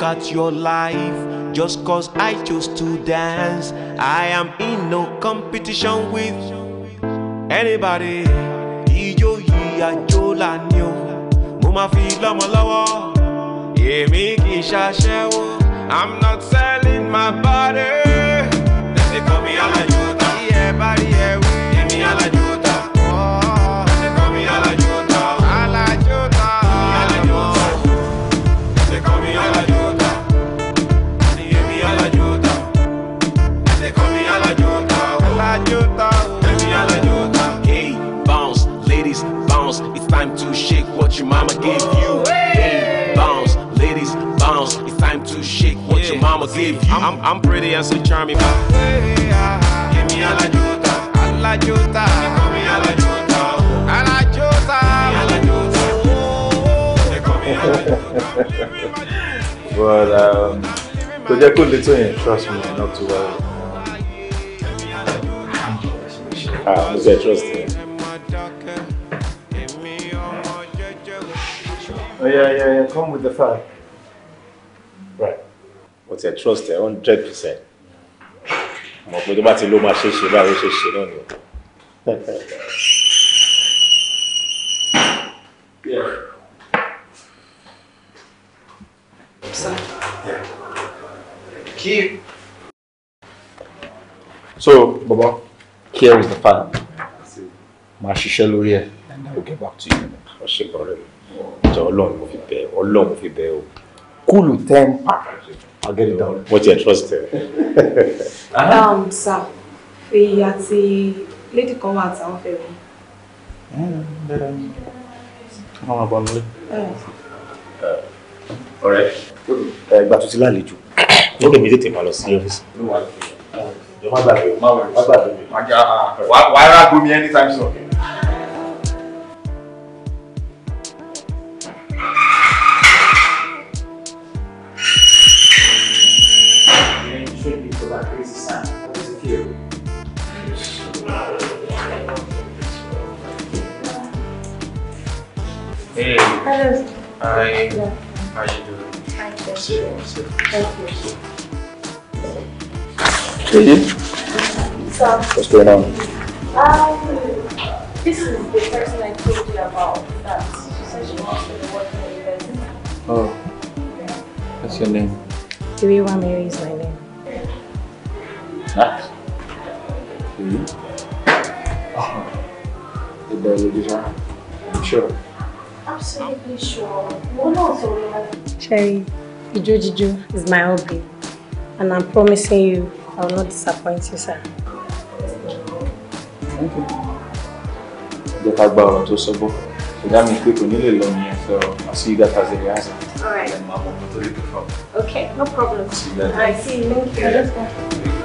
look at your life just cause I chose to dance. I am in no competition with anybody. kì I'm not selling my body. They call me all I Alayo. your mama give you. Hey, bounce, ladies, bounce. It's time to shake what your mama give you. I'm, I'm pretty and so charming. give me a la juta, a la juta. Give me a la juta, a la juta. A la juta. but um, kò jẹ́ kó le tó yẹn trust me not to worry. ah mo fẹ́ trust Oh, yeah, yeah, yeah. Come with the fact. Right. What's your trust there? 100%. Mọ̀ pé tó bá ti ló máa ṣe ṣe báwo ṣe ṣe náà Yeah. Sir. So, Baba, here is the file. Máa ṣiṣẹ́ lórí ẹ̀ and I will get back to you. Ọ̀ṣẹ́ bọ̀rẹ̀ mi jọ ọlọ́run mo fi bẹ̀ ọlọ́run mo fi bẹ̀ o kúlù tẹ́ńpà I'll get it down. What's your trust there? um, sir, Fèyí àti lady kan wà táwọn fẹ́ rí. Àwọn àbọ̀ nílé. Ọ̀rẹ́, ẹgbà tó ti lálejò. Ó lè mi tètè máa lọ sí ọ́fíìsì. Má gbàgbé, má gbàgbé. Wàá rà gómi anytime soon. Hello. Hi. Yeah. How are you doing? Hi. thank you. Thank you. So, What's going on? Um, this is the person I told you about that she said she wants to work in the university. Oh. What's your name? me Mary is my name. Ah. Mm -hmm. Oh. The biologist, I'm sure. absolutely sure. We're not alone. Cherry, Ijo Jijo is my hobby. And I'm promising you, I will not disappoint you, sir. Thank you. Jẹ́ ká gba ọ̀rọ̀ tó sọ bọ́. Ìdá mi pé kò ní lè lọ so I'll see you guys as a rehearsal. All right. Then màá mọ̀ mo tó lè Okay, no problem. I See Thank you. Let's go.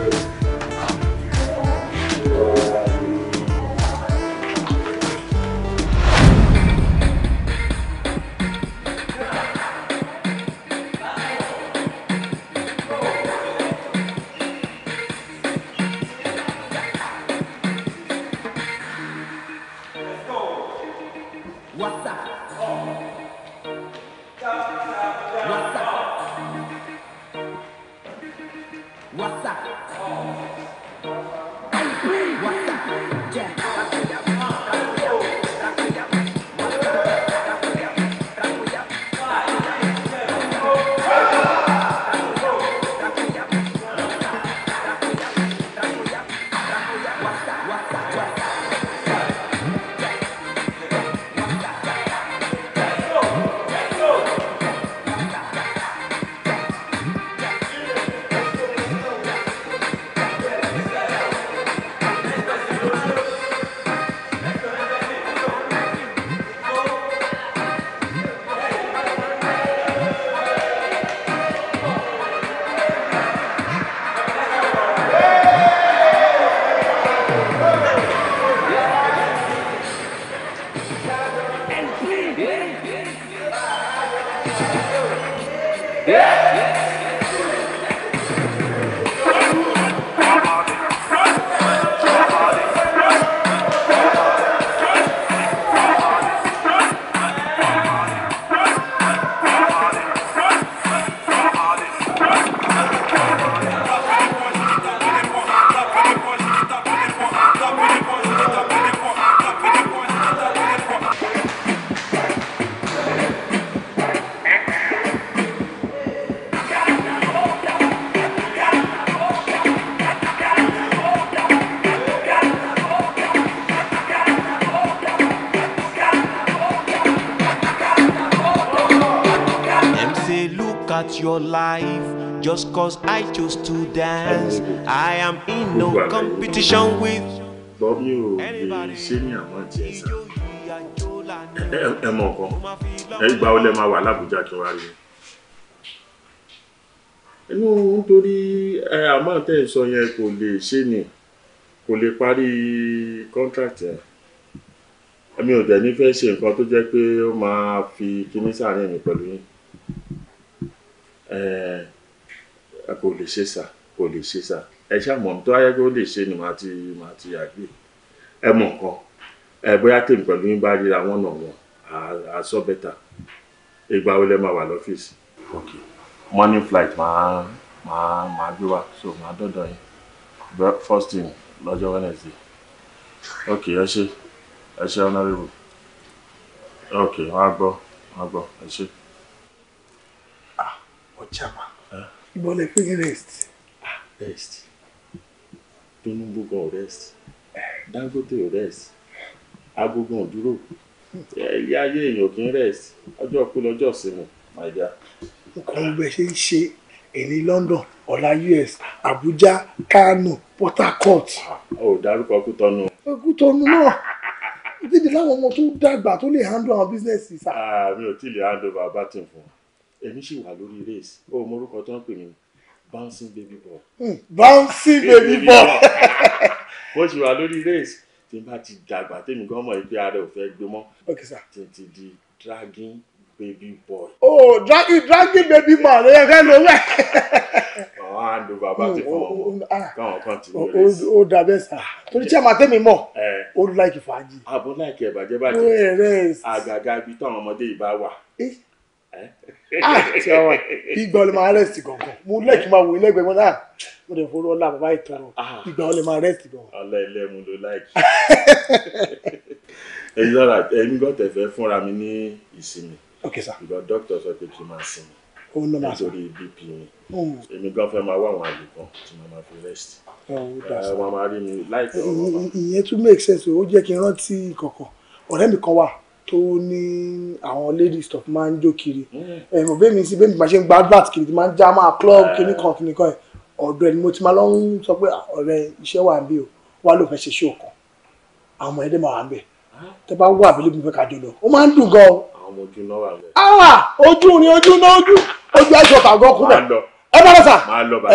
just cause I choose to dance. I am in no competition with anybody. Eh, ẹ mọ nǹkan ẹ gba ọlẹ máa wà lábújá kí n wá rí inú nítorí àmọ́ tẹ́ ẹ sọ yẹn kò lè ṣe ni kò lè parí contract yẹn èmi ò dẹ̀ ní fẹ́ ṣe nǹkan tó jẹ́ pé ó máa fi kíní sàárín mi pẹ̀lú yín kò lè ṣe sà kò lè ṣe sà ẹ ṣàmọ̀ tó ayé kó lè ṣe ni màá ti màá ti àgbè ẹ mọ̀ nǹkan ẹ bóyá tèmi pẹ̀lú yín bá ríra wọn nà wọn à sọ bẹ́tà ìgbà wo lẹ máa wà lọ́fíìsì. ok morning flight máa máa máa gbé wa so máa dọ́dọ̀ yín first thing lọ́jọ́ wednesday ok ẹ ṣe ẹ ṣe honourable ok wọn á gbọ́ wọn á gbọ́ ẹ ṣe. ah ọjà máa ìbọn lè pè ní rest. Ah, rest Tinubu gan ò rest Dangote ò rest agogo ò dúró ilé ayé èèyàn kì í rest ọjọ́ kú lọ́jọ́ sinmi my dear. mo kọ́ ọ́n bẹ́ẹ̀ ṣe ń ṣe èní London ọ̀la US Abuja Kano Port Harcourt. ó ah, dárúkọ kútọ́nù. kútọ́nù náà títí láwọn ọmọ tó dàgbà tó lè handle àwọn bísíǹsì sá. Ah, mi ò tí ì lè handle bàbá tí n fún wa èmi sì wà lórí race ó mọ orúkọ tó ń pè mí bouncing baby ball. Hmm, bouncing baby ball. mo sì wà lórí race tí n bá ti dàgbà tèmi gan mọ̀ ẹgbẹ́ ara ò fẹ́ gbé mọ́ tí n ti di dragging baby boy. oh dragging dragging baby boy. ló yẹ kẹ́ ló wẹ̀. àwọn àdó bàbá ti fún ọmọ hmm, ah. káwọn kan ti lórí race. ó dà bẹ́ẹ̀ sà torí tí a máa tẹ́mi mọ̀ ó láìkì fàájì. àbọ̀ láìkì ẹ̀bàjẹ́ bàjẹ́ àgàgà ibi táwọn ọmọdé yìí bá wà. Eh? Ah, ti ọmọ ìgbà ọlẹ máa rest gangan mo lẹ́kì máa wò ilé ẹgbẹ́ wọn náà mo lè ah, fọwọ́ ọlá bàbá ìtọ́rọ ah. ìgbà ọlẹ máa rest gangan. ọlá ilé mu ló láìkí. ẹ yọra ẹ̀yin gbọ́ tẹ̀fẹ́ fúnra mi ní ìsinmi ìgbà dókítà sọ pé kí n máa sinmi nítorí bp mi hmm. èmi gan fẹ́ máa wá àwọn àlè kan tí mo máa fi rest oh, wọn máa rí mi láìpẹ́ ọ̀rọ̀ ìyẹn tún make sense o ó jẹ́ kí n rántí kọ̀ọ̀kan ọ̀rẹ́ mi kan wà tó ní àwọn ladies tó máa ń jó kiri mm. ẹ̀mọ̀ bẹ́ẹ̀ mi sí bẹ́ẹ̀ mi máa ṣe ń gba advert kiri máa ń já máa club kiri eh. kan kiri kan ẹ̀ ọ̀dọ̀ ẹni mo ti máa lọ ń sọ pé ah, ọ̀rẹ́ iṣẹ́ wà bí o wá ló fẹ́ ṣe ṣé òkan àwọn ẹ̀dẹ̀ máa wà ń bẹ̀ ah. tẹ́ bá wà abílẹ̀ mi fẹ́ kájọ lọ ó máa ń dùn gan o àwọn ọmọ ojú náà wà bẹ́ẹ̀. Ah, ojú ni ojú náà ojú ojú àìsàn tàgọ́ kúrẹ̀ ẹ bá lọ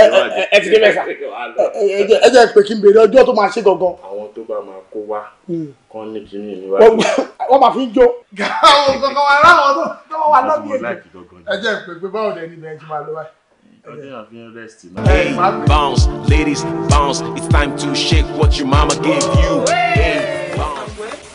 ẹ ti dé mẹ́sà ẹ jẹ́ pé kí ọjọ́ tó máa ṣe gangan. àwọn tó bá máa kó wá hmm. kán ní kíní níwájú. wọ́n máa fi ń jó. gáwọn gangan wà láwọn tó wà lọ́bí èdè ẹ jẹ́ pé pé báwo bẹ́ẹ̀ ti máa lọ báyìí. Hey, bounce, ladies, bounce. It's time to shake what your mama gave you. Hey, bounce.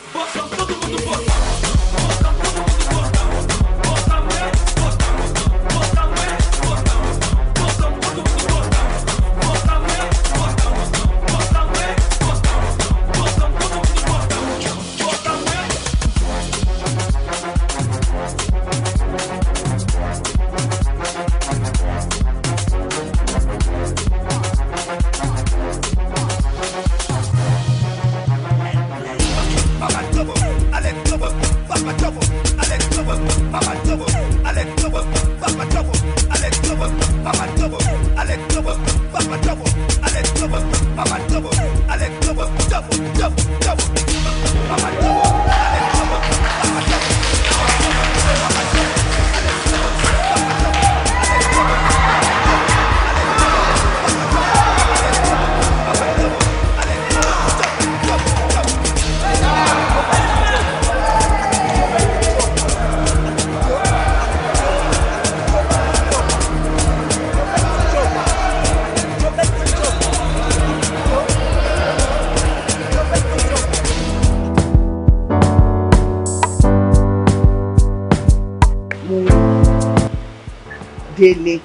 délé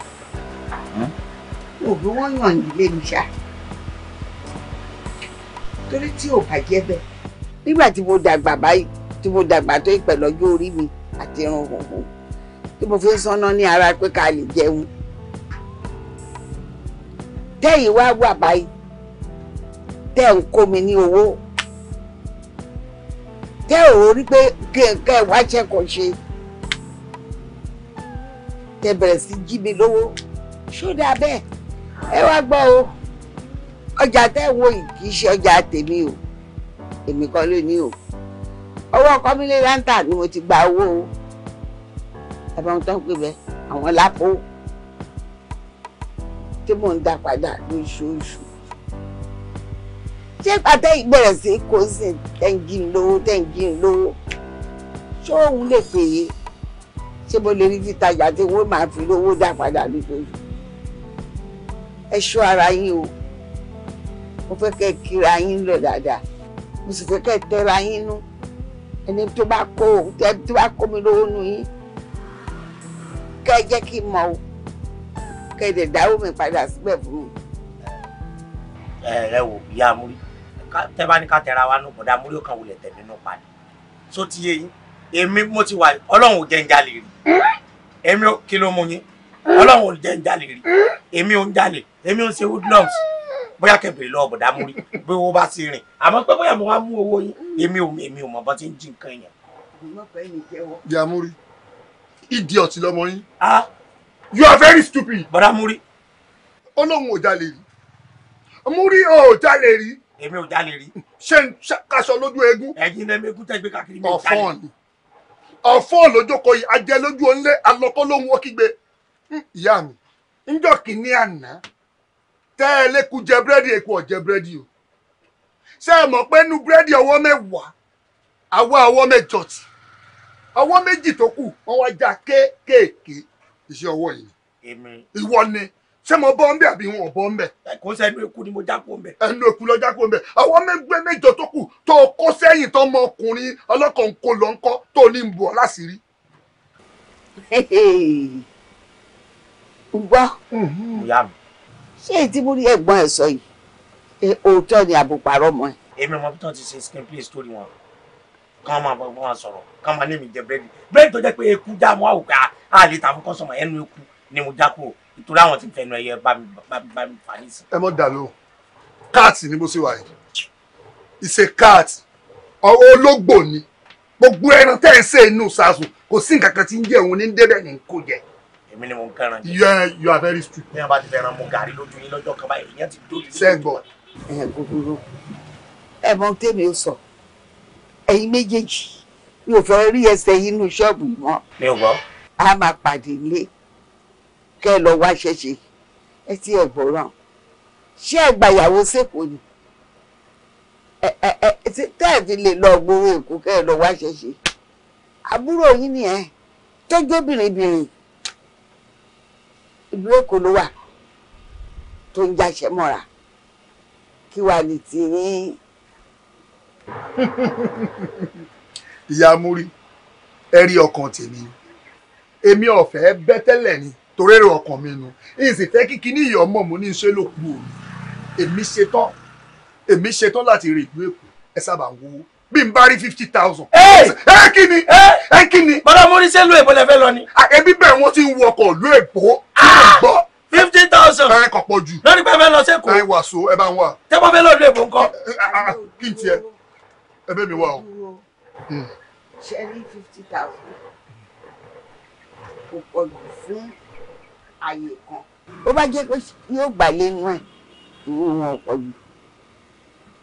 mo bí wọ́n yàn nílé mi ṣá torí tí ò bá jẹ́ bẹ́ẹ̀ nígbà tí mo dàgbà báyìí tí mo dàgbà tó ìpẹ̀lú ọjọ́ orí mi àti irun òhún tí mo fi sanná ní ara pé ká lè jẹun tẹ́yìn wá wà báyìí tẹ́ ń kó mi ní owó tẹ́ ò rí pé kí n kẹ́ wá ṣẹ́kọ̀ọ́ ṣe tẹ bẹ̀rẹ̀ sí jí mi lówó ṣó dáa bẹ́ẹ̀ ẹ wá gbọ́ o ọjà tẹ́ wo yìí kì í ṣe ọjà tèmi o èmi kọ́ ló ní o ọwọ́ kọ́mílẹ̀ rántà ni mo ti gba owó o ẹ̀bọ̀n tó ń pè bẹ́ àwọn lápò tí mò ń dá padà lóṣooṣù ṣé pàtẹ́ ìbẹ̀rẹ̀ sí kó sì tẹ́ǹgì lówó tẹ́ǹgì lówó ṣó òun lè pè é ṣé mo lè rí títajà tí wọ́n máa fi owó dá padà lóṣooṣù ẹ ṣọ́ ara yín o mo fẹ́ kẹ́ kíra yín lọ dáadáa mo sì fẹ́ kẹ́ tẹ́ra yín nú ẹni tó bá kó tó bá kó mi lówó nu yín kẹ́ ẹ jẹ́ kí n mọ̀ o kẹ́ ẹ dẹ̀ dáwó mi padà síbẹ̀ fún mi. ẹ ẹ wò ìyá amúrí tẹ bá ní ká tẹra wa nù bọ̀dá amúrí ó kàn wulẹ̀ tẹ̀mí nù pa ni tó ti yé yín èmi mo ti wà ọlọ́run ò jẹ́ ń jalè rí èmi ò kí ló mú yín ọlọ́run ò jẹ́ ń jalè rí èmi ò ń jalè èmi ò ń ṣe woodlums bóyá kẹbìrì lọ ọ̀bọ̀dá mú rí bí owó bá ti rìn àmọ́ pé bóyá mo wá mú owó yín èmi ò èmi ò mọ̀ bọ́ ti ń jí nǹkan yẹn. ìyá múrí ìdí ọ̀tí lọmọ yín. you are very stupid. bọ́dá múrí. ọlọ́run ò jalè rí múrí ò jalè rí. èmi ò jalè rí. ṣé n kaṣọ lójú eegun. ẹ̀yin lẹ́mẹ̀ẹ́gún tẹ́gbẹ́ káàkiri mi ò jalè. ọ̀fọ́ọ̀nì ọ̀fọ́ lójókòó yìí ajẹ́ lójú onílé alọ́kọ́ lóhun ó hmm, ìyá mi ńjọ́ kìíní àná tẹ́ ẹ lékú jẹ búrẹ́dì èkó ọ̀jẹ búrẹ́dì o ṣé ẹ mọ̀ pé nu búrẹ́dì ọwọ́ mẹ́wàá àwọ̀ ọwọ́ mẹ́jọ tì ọwọ́ méjì tó kù wọ́n wá já kéékèèké iṣẹ́ ọwọ́ yìí ìwọ ni. ṣé mo bọ́ ńbẹ àbí wọn ò bọ́ ńbẹ. kò sẹ́nu eku ni mo jáko ńbẹ. ẹnu eku lọ jáko ńbẹ àwọn mẹgbẹ mẹ́jọ tó kù tó o kó sẹ́yìn tó mọ ọkùnrin ọlọ́kàn kò lọ ńkọ́ tó ní ń bù ọ láṣìírí. gbọ́ ṣé èyí tí mo rí ẹ̀gbọ́n ẹ̀ sọ yìí òótọ́ ni àbùpàrọ̀ mọ́ ẹ. èmi ọmọ tó ti ṣe skin play story wọn kàn máa bọ́ wọn sọ̀rọ̀ kàn máa ní mi jẹ búrẹ́dì búrẹ́dì tó jẹ́ pé eku já mọ́ àwùká àlè tàbí kọ́sọ̀mọ̀ ẹnu eku ni mo já kúrò ìtura àwọn ti fẹnu ẹyẹ bá mi bá mi fà nísìn. ẹ mọ dà ló káàtì ni mo ṣe wà yìí ìṣe káàtì ọwọ́ ológbò ni gbogbo ẹran tẹ́ ẹ ṣe inú sàásùn kò sí nǹkan kan tí ń jẹ òun ní débẹ̀ ní kò jẹ. èmi ni mo ń kẹran jẹ. yẹ you are very stupid. bí wọn bá ti fẹ́ràn mo gàrí lójú yín lọ́jọ́ kan báyìí ìyẹn ti dóbi. sẹ́gbọ̀n. ẹ gbogbo ẹ mọ tèmi ó sọ ẹ̀yin méjèèjì mi ò fẹ́ rí ẹsẹ̀ yín inú ṣọ́ọ̀bù yìí mọ́. mi ò gbọ́. a máa pàdé ilé kẹ́ ẹ lọ wá ṣẹ̀ṣẹ̀ ẹ ti ẹ̀ gbọ́ràn ṣé ẹ gba ìyàwó sẹ́kọ̀ọ́ ni tẹ́ ẹ fi lè lọ gbowó èkó kẹ́ ẹ lọ wá ṣẹ̀ṣẹ̀ àbúrò yín nìyẹn tọ́jú obìnrin ìlú èkó ló wà tó ń jaṣẹ́ mọ́ra kí wàá ní ti ní. ìyá múrí ẹ rí ọkàn tèmi èmi ọ̀fẹ́ bẹ́tẹ́lẹ̀ ni torí èrò ọkàn mi nu èsì fẹ́ kí kíní ìyá ọmọ mo ní iṣẹ́ ló kú òru èmi ṣetán èmi ṣetán láti rí ìlú èkó ẹ sábà ń wúwo bí n bá rí fifty thousand. ẹ kí ni ẹ kí ni. bọ́dá mo ní ṣé lu èbó lẹ fẹ́ lọ ni. ẹbí bẹ́ẹ̀ wọ́n ti ń wọkọ̀ lu èbó ah! gbọ́. fifty thousand. ẹ kàn pọ̀ jù. lórí pé ẹ fẹ́ lọ sẹ́kọ̀ọ́. ẹ wà so ẹ bá ń wà. tẹ́pọ̀ fẹ́ lọ lu èbó ńkọ́. kí n tiẹ̀ ẹ mi wà o. ṣe fifty thousand kò pọ̀ jù fún ààyè kan ó bá jẹ́ pé yóò gbàlé inú ẹ̀ inú wọn pọ̀ jù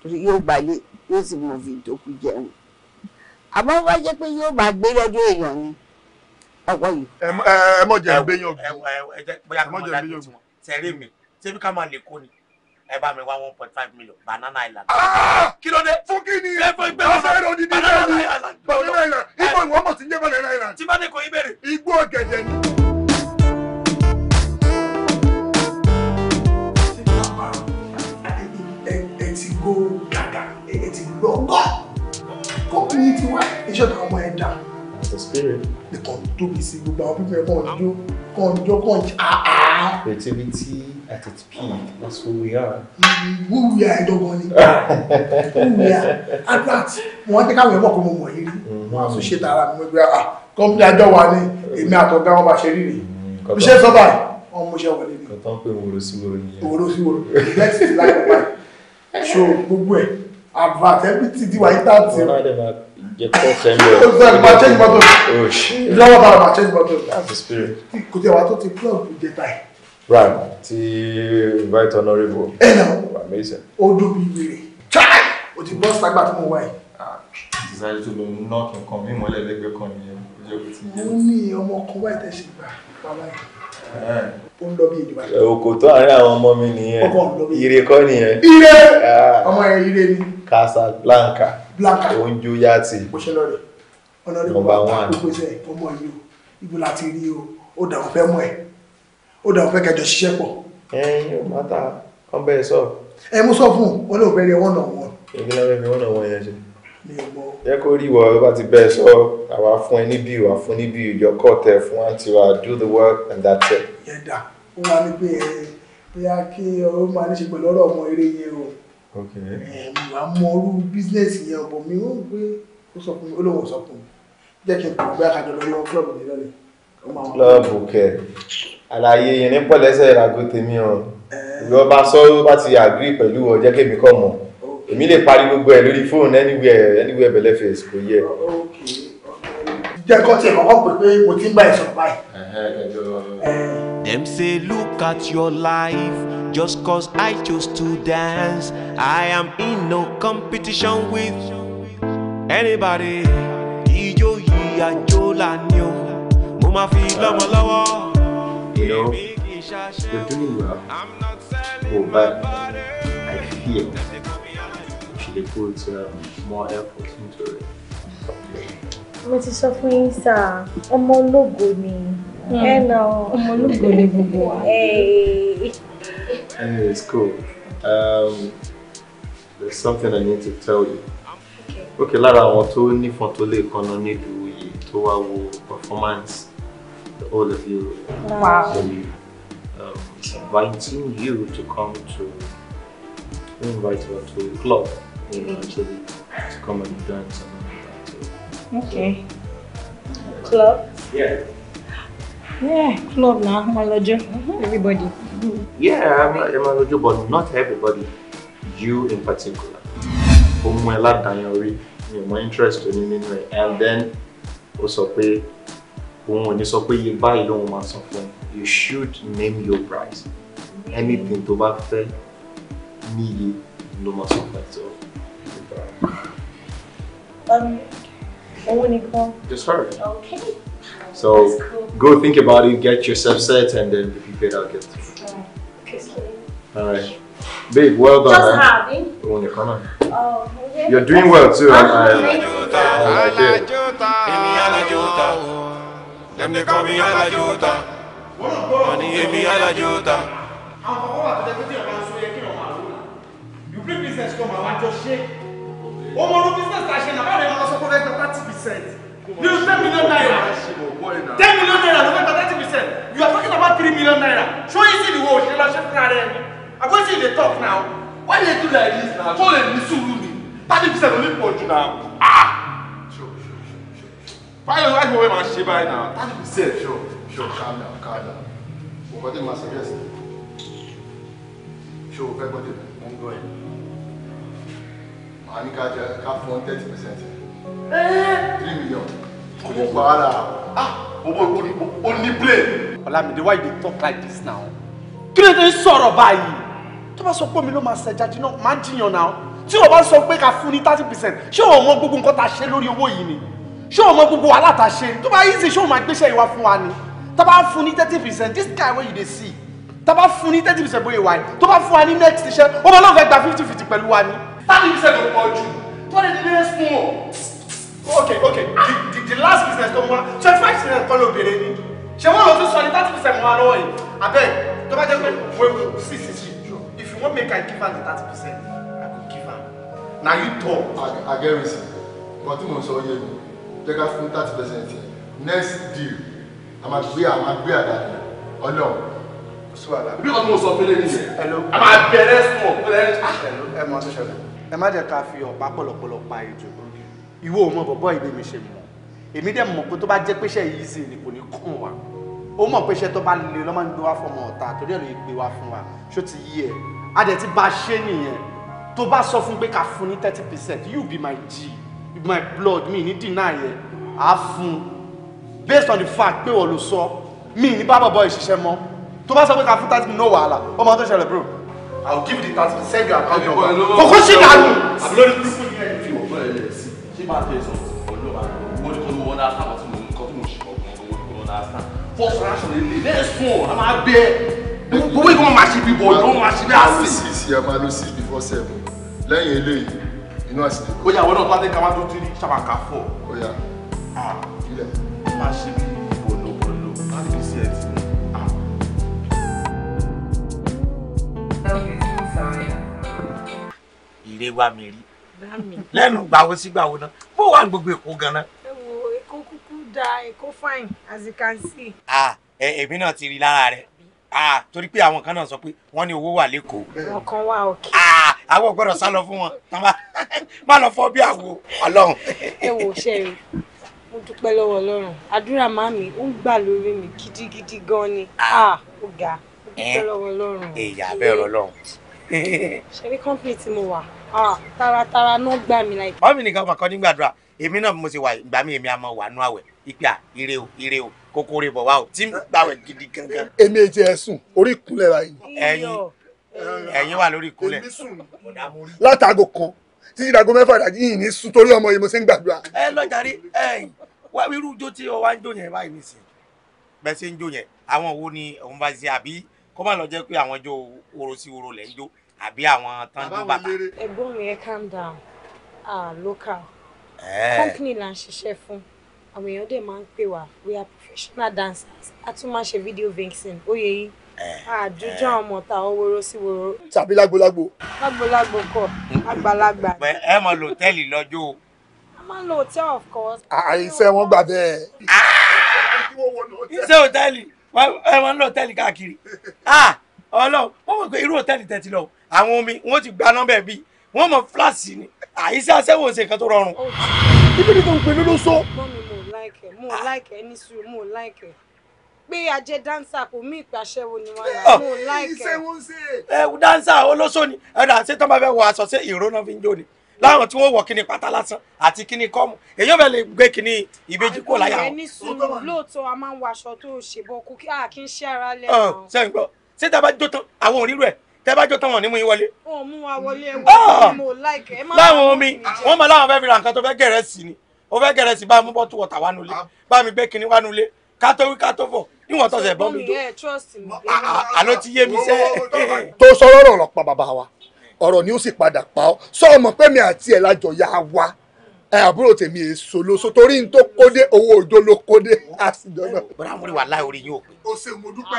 torí yóò gbàlé yóò sì mọ fi ìdókù jẹun àmọ́ ó bá jẹ́ pé yóò bá gbé lọ́dún èèyàn ni ọ̀pọ̀ yìí. ẹ ẹ mọ jẹ gbẹyàn bí ẹ mọ jẹ gbẹyàn bí tẹrí mi tẹbi ká máa lè kó ni ẹ bá mi wá one point five million banana island. Ah! kí ló dé. fún kí ni ọfẹ rọ ni ní bẹ́ẹ̀ ni banana island ibo ìwọ mọ sí ní banana island. tí bá ní kò í bèrè. igbó ọ̀gẹ̀dẹ̀ ni. tí ti wá iṣẹ́ tó àwọn ẹ̀dá nìkan tóbi sí gbogbo àwọn pípẹ́ kàn jó kàn jó kàn áá. creativity at its peak that's who we are. who we are ẹ̀dọ́gbọ̀n ni who we are adrat wọn jẹ́ káwọn ẹ̀mọ́ kó mo wọ̀nyí rí wọn mm-hmm. àtún ṣe tààrà mi gbé à kọ́mpútà àjọ wa ni èmi àtọ̀gá wọn bá ṣe rí rí bí mm-hmm. ṣe sọ báyìí wọn mú iṣẹ́ wọlé ni. kọ́tọ́ pé òwúrò sí wòrò nìyẹn. òwúrò sí wòrò ìgbẹ́ ti ti so gbogbo ẹ̀ advertability ti wà yíta ti. ọ̀nà àdè máa jẹ kọ́ sẹ́ńdọ̀. ó sọ ni máa change bottle. oh shit. lọ́wọ́ bára máa change bottle. the spirit. kò tí a wá tó ti plug ìjẹta ẹ̀. right ti invite honourable. ẹ nà amazing. ó dùn bí wèrè. chai o ti bọ́ sàgbà tó mo wá yìí. ìsáré tó lọ ná kí n kàn mí lẹ́gbẹ̀ẹ́ kan nìyẹn ó jẹ́ ti yé. mo ní ọmọ kan wáyé tẹ̀sí gbà bàbá yìí eh. ó ń lọ bí ìdìbò àjọ. òkò tó àárín àwọn ọmọ mi nìyẹn ire kọ́ nìyẹn. ire ah. ọmọ yẹn ire ni. Casablanca blanca oúnjẹ yàtì òṣèlérè ọlọrin ó dà fẹ́ kẹjọ ṣiṣẹ́ pọ̀. ẹ ẹ yóò ta wọn bẹ sọ. ẹ mú sọ fún wọn lè bẹ̀rẹ̀ wọn náà wọn. èmi náà bẹ̀rẹ̀ wọn náà wọn yẹn ṣe. mi kó rí ìwọ ló bá ti bẹ́ẹ̀ sọ àwa fún ẹ níbí ìwà fún níbí ìjọ kọ́ tẹ fún àǹtí wa do the work and that's it. yẹ dà ó wà ní pé ẹ bóyá kí ọ máa ní ṣe pẹ̀lú ọ̀rọ̀ ọmọ eré yẹn o wàá mọ orú bísínẹ́sì yẹn ọ̀pọ̀ mi ó gbé ó sọ fún mi olówó sọ fún mi jẹ́ kí n kò gbé àkàjọ lọ lọ kílọ̀bù mi lọ́lẹ̀. kílọ̀bù kẹ àlàyé yẹn ní pọ̀lẹ́sẹ̀ ìràgó tèmi o ìwọ bá sọ bá ti àgírí pẹ̀lú ọ jẹ́ kémi kọ́ mọ̀ èmi lè parí gbogbo ẹ̀ lórí fóònù anywhere anywhere bẹ̀lẹ́ fèsì kò yẹ. jẹ́ kọ́ tiẹ̀ kọ́kọ́ pé pé mo ti ń gbà ẹ̀sọ̀ báyìí. Them say look at your life just cause I choose to dance. I am in no competition with anybody. Ijó yìí àjò lànà o, mo máa fi lọ́mọ lọ́wọ́. You know, you're doing well. Oh, but I feel you should have put um, more effort into it. Mo ti sọ fún yín sá, ọmọ ológo ni. Hmm. Ẹ nà ọmọ ológo ni gbogbo wa. Anyways, cool. Um, there's something I need to tell you. Okay. Okay, lára àwọn tó nífọ̀n tó lè to the nílùú yìí tó performance the whole of you. Wow. So um, inviting you to come to invite her to the club, you know, mm-hmm. actually to come and dance and all that. Too. Okay. So, club? Yeah. Yeah, club now, Malojo. Mm Everybody. Yeah, I'm, I'm an Ojo, but not everybody. You in particular. Ọmọ Ẹládàyanrí ni my interest ní nínú ẹ̀ and then also pay. pé when you ní sọ pé iye báyìí lòun máa you should name your price anything tó back fẹ́ me. ló máa san fún ẹ̀ tó. Um, Just her. Okay. So cool. go think about it, get yourself set, and then if you get out, get. All right. Babe, well done. Just having. Oh, okay. You're doing well too. I, I, I, Them they call me Alajuta. Money give me Alajuta. You bring business come, I want your shake. Oh, my business, I should have a loss of over 30%. You 10 million naira worry ten million naira ló fẹ́ thirty percent you are talking about three million naira ṣó easy ni wo ò ṣe lọ ṣe fúnra I go see the talk now why dey do like this now tó lè ní sùúrù ni thirty percent ló ní pọ̀ jù náà ah fáyọ̀ láti wọ́n máa ṣe báyìí náà thirty percent sure sure calm down calm down nǹkan tí mo máa suggest Sure, o fẹ́ gbọ́dọ̀ mo ń gbọ́ yìí màá ní ká jẹ ká fún thirty percent eh! three million kò ní pa á o ní brain. Ọlámídé why you talk like this now? Kí ló dé sọ̀rọ̀ báyìí? Tó bá sọ pé mi ló máa ṣẹja jiná, máa jiyàn náà. Tí o bá sọ pé ká fún ní thirty percent, ṣé o mọ gbogbo nǹkan tá a ṣe lórí owó yìí ni? Ṣé o mọ gbogbo wàhálà tá a ṣe? Tó bá easy ṣé o máa gbéṣẹ́ ìwà fún wa ni? Tá a bá fún ní thirty percent, this guy wey you dey see, tá a bá fún ní thirty percent bóyá ìwà yìí, tó bá fún wa ní next iṣẹ́, ó máa náà fẹ́ gba fifty fifty pẹ̀lú wa ni. Thirty percent ló pọ̀ jù, twenty percent small okay okay the the, the last business tó mú wa twenty five percent kọ́ ló béèrè ni ṣé wọ́n lọ tún sọ ní thirty percent mú wa lọ́wọ́ yìí abeg tó bá jẹ́ pé wey wey see see see if you wan make i give am the thirty percent i go give am na you talk. agẹ́rìsì kan tí mò ń sọ yé mi jẹ́ ká fún thirty percent next deal a máa gbé a máa gbé àdáni ọlọ́run sọ àlà. bí ọdún sọ fẹlẹ nìyẹn. a máa bẹ̀rẹ̀ sùn ọ̀pẹ̀lẹ̀. ẹ mọ tó ṣẹlẹ̀. ẹ má jẹ́ ká fi ọ̀pá pọ̀lọpọ̀lọ pa ìjòkó ìwọ ò mọ bọ̀bọ̀ ìbí mi ṣe mọ̀ èmi dẹ̀ mọ̀ pé tó bá jẹ́ péṣẹ́ yìí sì ni kò ní kún wa ó mọ̀ péṣẹ́ tó bá le lọ́mọ ń gbé wá fọmọ ọ̀tá torí ẹ̀ ló gbé wá fún wa ṣó ti yí ẹ̀ a dẹ̀ ti bá ṣe nìyẹn tó bá sọ fún pé ká fún ní thirty percent you be my g be my blood mi ní deny yẹn á fún based on the fact pé wọ́n ló sọ mi ní bá bọ̀bọ̀ ìṣiṣẹ́ mọ́ tó bá sọ pé ká fún thirty no wàhálà ó máa tó ṣẹlẹ̀ bro i will give you the thirty percent you are talking about kò kó ṣì dànù. àbúrò ní kúrúkú yẹn máa tẹ̀ sọ ọlọ́wà wọ́n ní kọ́ ní wọ́n dáa mo kọ́ tí mo ṣe ọ̀gbọ̀n ọ̀gbọ̀n wọ́n ní wọ́n dáa sá fọ́ọ̀sì ránṣọ́ lè next one a máa bẹ gbogbo ìgbọ́n máa ṣe bíbọ̀ ọ̀dọ́ máa ṣe bí àṣì. sì sí a máa lọ sí before seven lẹ́yìn eléyìí inú àṣìlẹ̀. ó yà wọ́n náà tó á dé ká má tó tiri ṣàmàkà fọ́. ó yà á ilẹ̀. máa ṣe bí bọ̀lọ̀bọ̀lọ̀ láti fi ṣe ẹ̀sìn. ìrẹwà mi rí lẹ́nu gbàwo sí gbàwo náà bó wà gbogbo èkó gan-an. ẹ wo èkó kúkú da èkó fine as you can see. ah èmi náà ti rí lára rẹ ah torí pé àwọn kan náà sọ pé wọ́n ní owó wà lẹ́kọ̀ọ́. wọn kan wá òkè. ah àwọn gbọ́dọ̀ sá lọ fún wọn tán bá má lọ fọ bí àwo Ọlọ́run. ẹ wo ṣe rí mo dúpẹ́ lọ́wọ́ Ọlọ́run àdúrà màmí ó ń gbà lórí mi gidigidi gan ni ah ó ga mo dúpẹ́ lọ́wọ́ Ọlọ́run. èyí àbẹ̀rẹ̀ Ọlọ́run ṣebí kọ́ńpìnì tí mo wà taratara náà gbà mí láì. mọ́mí nìkan mọ̀ kọ́ ní gbàdúrà èmi náà mo ṣe wà ìgbà mi èmi àmọ́ wà nú àwẹ̀ ìpìà ire o ire o kókó rè bọ̀ wá o tí ń gbàwẹ̀ gidi gangan. èmi èjì ẹ̀sùn orí ìkúnlẹ̀ ra yìí. ẹ̀yin ẹ̀yin wà lórí ìkúnlẹ̀. látago kan títí dago mẹ́fà ìdájí yìí ní sùn torí ọmọ yìí mo ṣe ń gbàdúrà. ẹ lọ́jàrí ẹ̀yìn wá irú ijó tí ọwá ń jó yẹn báyìí nìsín bẹ́ẹ̀ ṣe ń jó yẹn àwọn wo ni òun bá ṣe àbí kó má lọ jẹ́ pé àwọn ijó orosí oro lẹ́ ń jó àbí àwọn tán dún bàtà. ẹ̀gbọ́n mi ẹ calm down ah local company là ń ṣiṣẹ́ fún àwọn èèyàn dẹ̀ máa ń pè wá we are professional dancers a tún máa ṣe video vixen oyè yìí àdújọ ọmọ ta owóró sí woro. tàbí lágbolágbo. lágbolágbo kọ àgbàlagbà. ẹ mọ lòtẹ́ẹ̀lì lọ́jọ́ o. a máa ń lo hotel of course. àìsẹ́ wọn gbà bẹ́ẹ̀. Ah! iṣẹ́ hòtẹ́ẹ̀lì ẹ máa ń lo hòtẹ́ẹ̀lì káàkiri. Ah! ọlọ́run wọ́n mọ̀ pé irú òtẹ́ẹ̀lì tẹ̀tì lọ àwọn omi wọ́n ti gba nọ́mbẹ̀ bí wọ́n mọ̀ fúláàsì ni àyíṣẹ́ aṣẹ́wò ṣe kan tó rọrùn. ibi nìkan ń pè ló ló sọ. mo like ẹ mo like ẹ ní sùúrù mo like ẹ pé ajé dáńsà kò mí ìpè aṣẹ́wó ni wọ́n rà mo like ẹ. ẹ dáńsà olóṣò ni ẹ̀rọ àti tó máa fẹ́ wọ aṣọ sí ìró náà fi ń jó ni láwọn tí wọ́n wọ̀ kíní pátá lásán àti kíní kọ́mù èyàn fẹ́ lè gbé kíní ìbejì kó láyà wọn. àìkú ẹ̀ ní sùúrù lóòótọ́ a máa ń wọ aṣọ tó ṣe bọ́ kó kí n ṣe ara lẹ́nu. sẹ́yìn gbọ́ ṣé tá a bá jó tán àwọn òrírò ẹ̀ tẹ́ bá jó tán wọn ní mú yín wọlé. wọn mú wa wọlé ẹwọ ah! mo like ẹ má. láwọn omi wọn máa láwọn fẹ́ẹ́ fi ra nǹkan tó fẹ́ gẹ̀rẹ́ sí ni ó fẹ́ gẹ̀rẹ́ sí bá mú bọ́tù wọ̀tà wá nulẹ̀ bá mi gbé kinní wá nulẹ̀ ká tó wí ká tó fọ̀ níwọ̀n tọ̀sẹ̀ bọ́ mi jó. àló ti yé mi sẹ́. tó sọ lọ́rọ̀ lọ pa bàbá wa ọ̀rọ̀ ni ó sì padà pa ọ́ sọ ọmọ pẹ́mi àti ẹ̀ lájọ ya wa ẹ àbúrò tèmi è solo so torí n tó kódé owó òjò ló kódé àsìjọ náà. bọ́dà mo rí wàhálà orí yín ò pé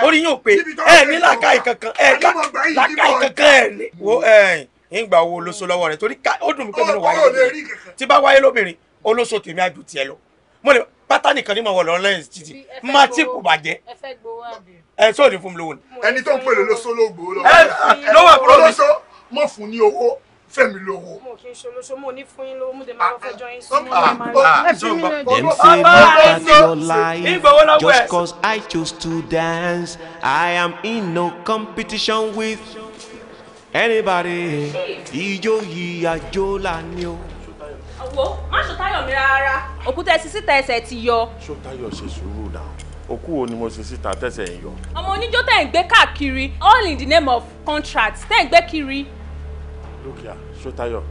orí yín ò pé ẹ ní làákàyè kankan ẹ làákàyè kankan ẹ ní. wo ń mm. gba owó olóso lọ́wọ́ rẹ̀ torí ó dùn mí pé mi ò wáyé lóbìnrin tí bá wáyé lóbìnrin olóso tèmi àjù tiẹ̀ lọ mo lè pátá nìkan ní mo wọ̀ lọ́rọ́ lẹ́yìn títì máa tí kò bàjẹ́ ẹ sóò ní fún mi lówó ni. ẹni tó ń pè lọ́wọ́ fẹ́mi lówó. mo kì í say that ah, is just cause i chose to dance i am in no competition with anybody ijó yìí àjò là ni o. àwo má ṣòtayọ mi rárá òkúta ẹsìn síta ẹsẹ̀ ti yọ. ṣòtayọ ṣe sùúrù náà òkú wo ni mo ṣe síta tẹsẹ̀ ń yọ. ọmọ oníjó tẹ̀ ń gbé káàkiri all in the name of contract tẹ̀ ń gbé kiri lókìá ṣótayọ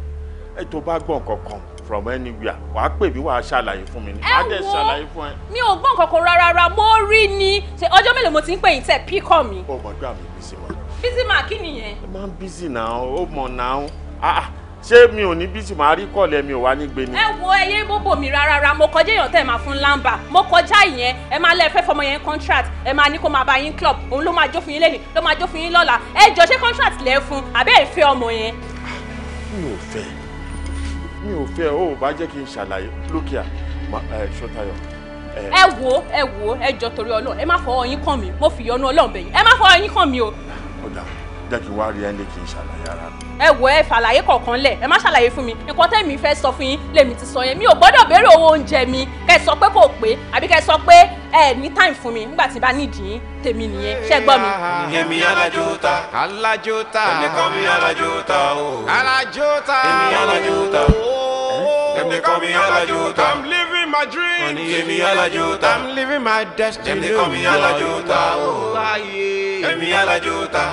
ẹ tó bá gbọ́ nǹkan kan from anywhere wàá pè mí wàá ṣàlàyé fún mi ni wàá dẹ̀ ṣàlàyé fún ẹ. mi ò gbọ́ nǹkan kan rárá rárá mo rí ni ọjọ́ mélòó mo ti ń pè yín tẹ̀ píkọ̀ mi. o mọ̀ gbà mí bísí ma. bísí ma kí nìyẹn. ẹ máa ń bísí náà ó mọ̀ náà ah, ah, ṣé mi ò ní bísí máa rí kọ̀lẹ́ mi ò wá ní gbé ni. ẹ wo ẹyẹ bóbò mi rárá rárá mo kọjá èèyàn tẹ́ ẹ máa fún lámbà mo kọjá ìyẹn ẹ máa lẹ fẹ́ fọmọ yẹn contract ẹ máa ní kó máa bá yín club òun ló máa jó fún yín lẹ́yìn ló máa jó fún yín lọ́la ẹ jọ ṣé contract lẹ fún àbẹ́ ẹ ọmọ yẹn mi ò fẹ́ mi ò fẹ́ o ò bá jẹ́ kí n ṣàlàyé lókìá ṣọtayọ. ẹ wo ẹ wo ẹ jọ torí Ọlọ́run ẹ má fọwọ́ yín kàn mí mo fìyọ́nú Ọlọ́run bẹ̀yìn ẹ má fọwọ́ yín kàn mí o. ọ̀dà jẹ́ kí n wá rí ẹni kí n ṣàlàyé ara mi ẹ wọ ẹ fàlàyé kọ̀ọ̀kan lẹ̀ ẹ má ṣàlàyé fún mi nǹkan tẹ́mi fẹ́ sọ fún yín lèmi ti sọ yẹn mi ò gbọ́dọ̀ béèrè owó oúnjẹ mi kẹ́ ẹ sọ pé kò pé àbí kẹ́ ẹ sọ pé ẹ ní time fún mi nígbà tí bá nídìí tèmi nìyẹn ṣé gbọ́ mi. èmi alájú ta alájú ta ẹnìkan mi alájú ta o alájú ta èmi alájú ta ẹnìkan mi alájú ta. I'm living my dream. èmi alájú ta I'm living my destiny. ẹnìkan mi alájú ta o èmi alájú ta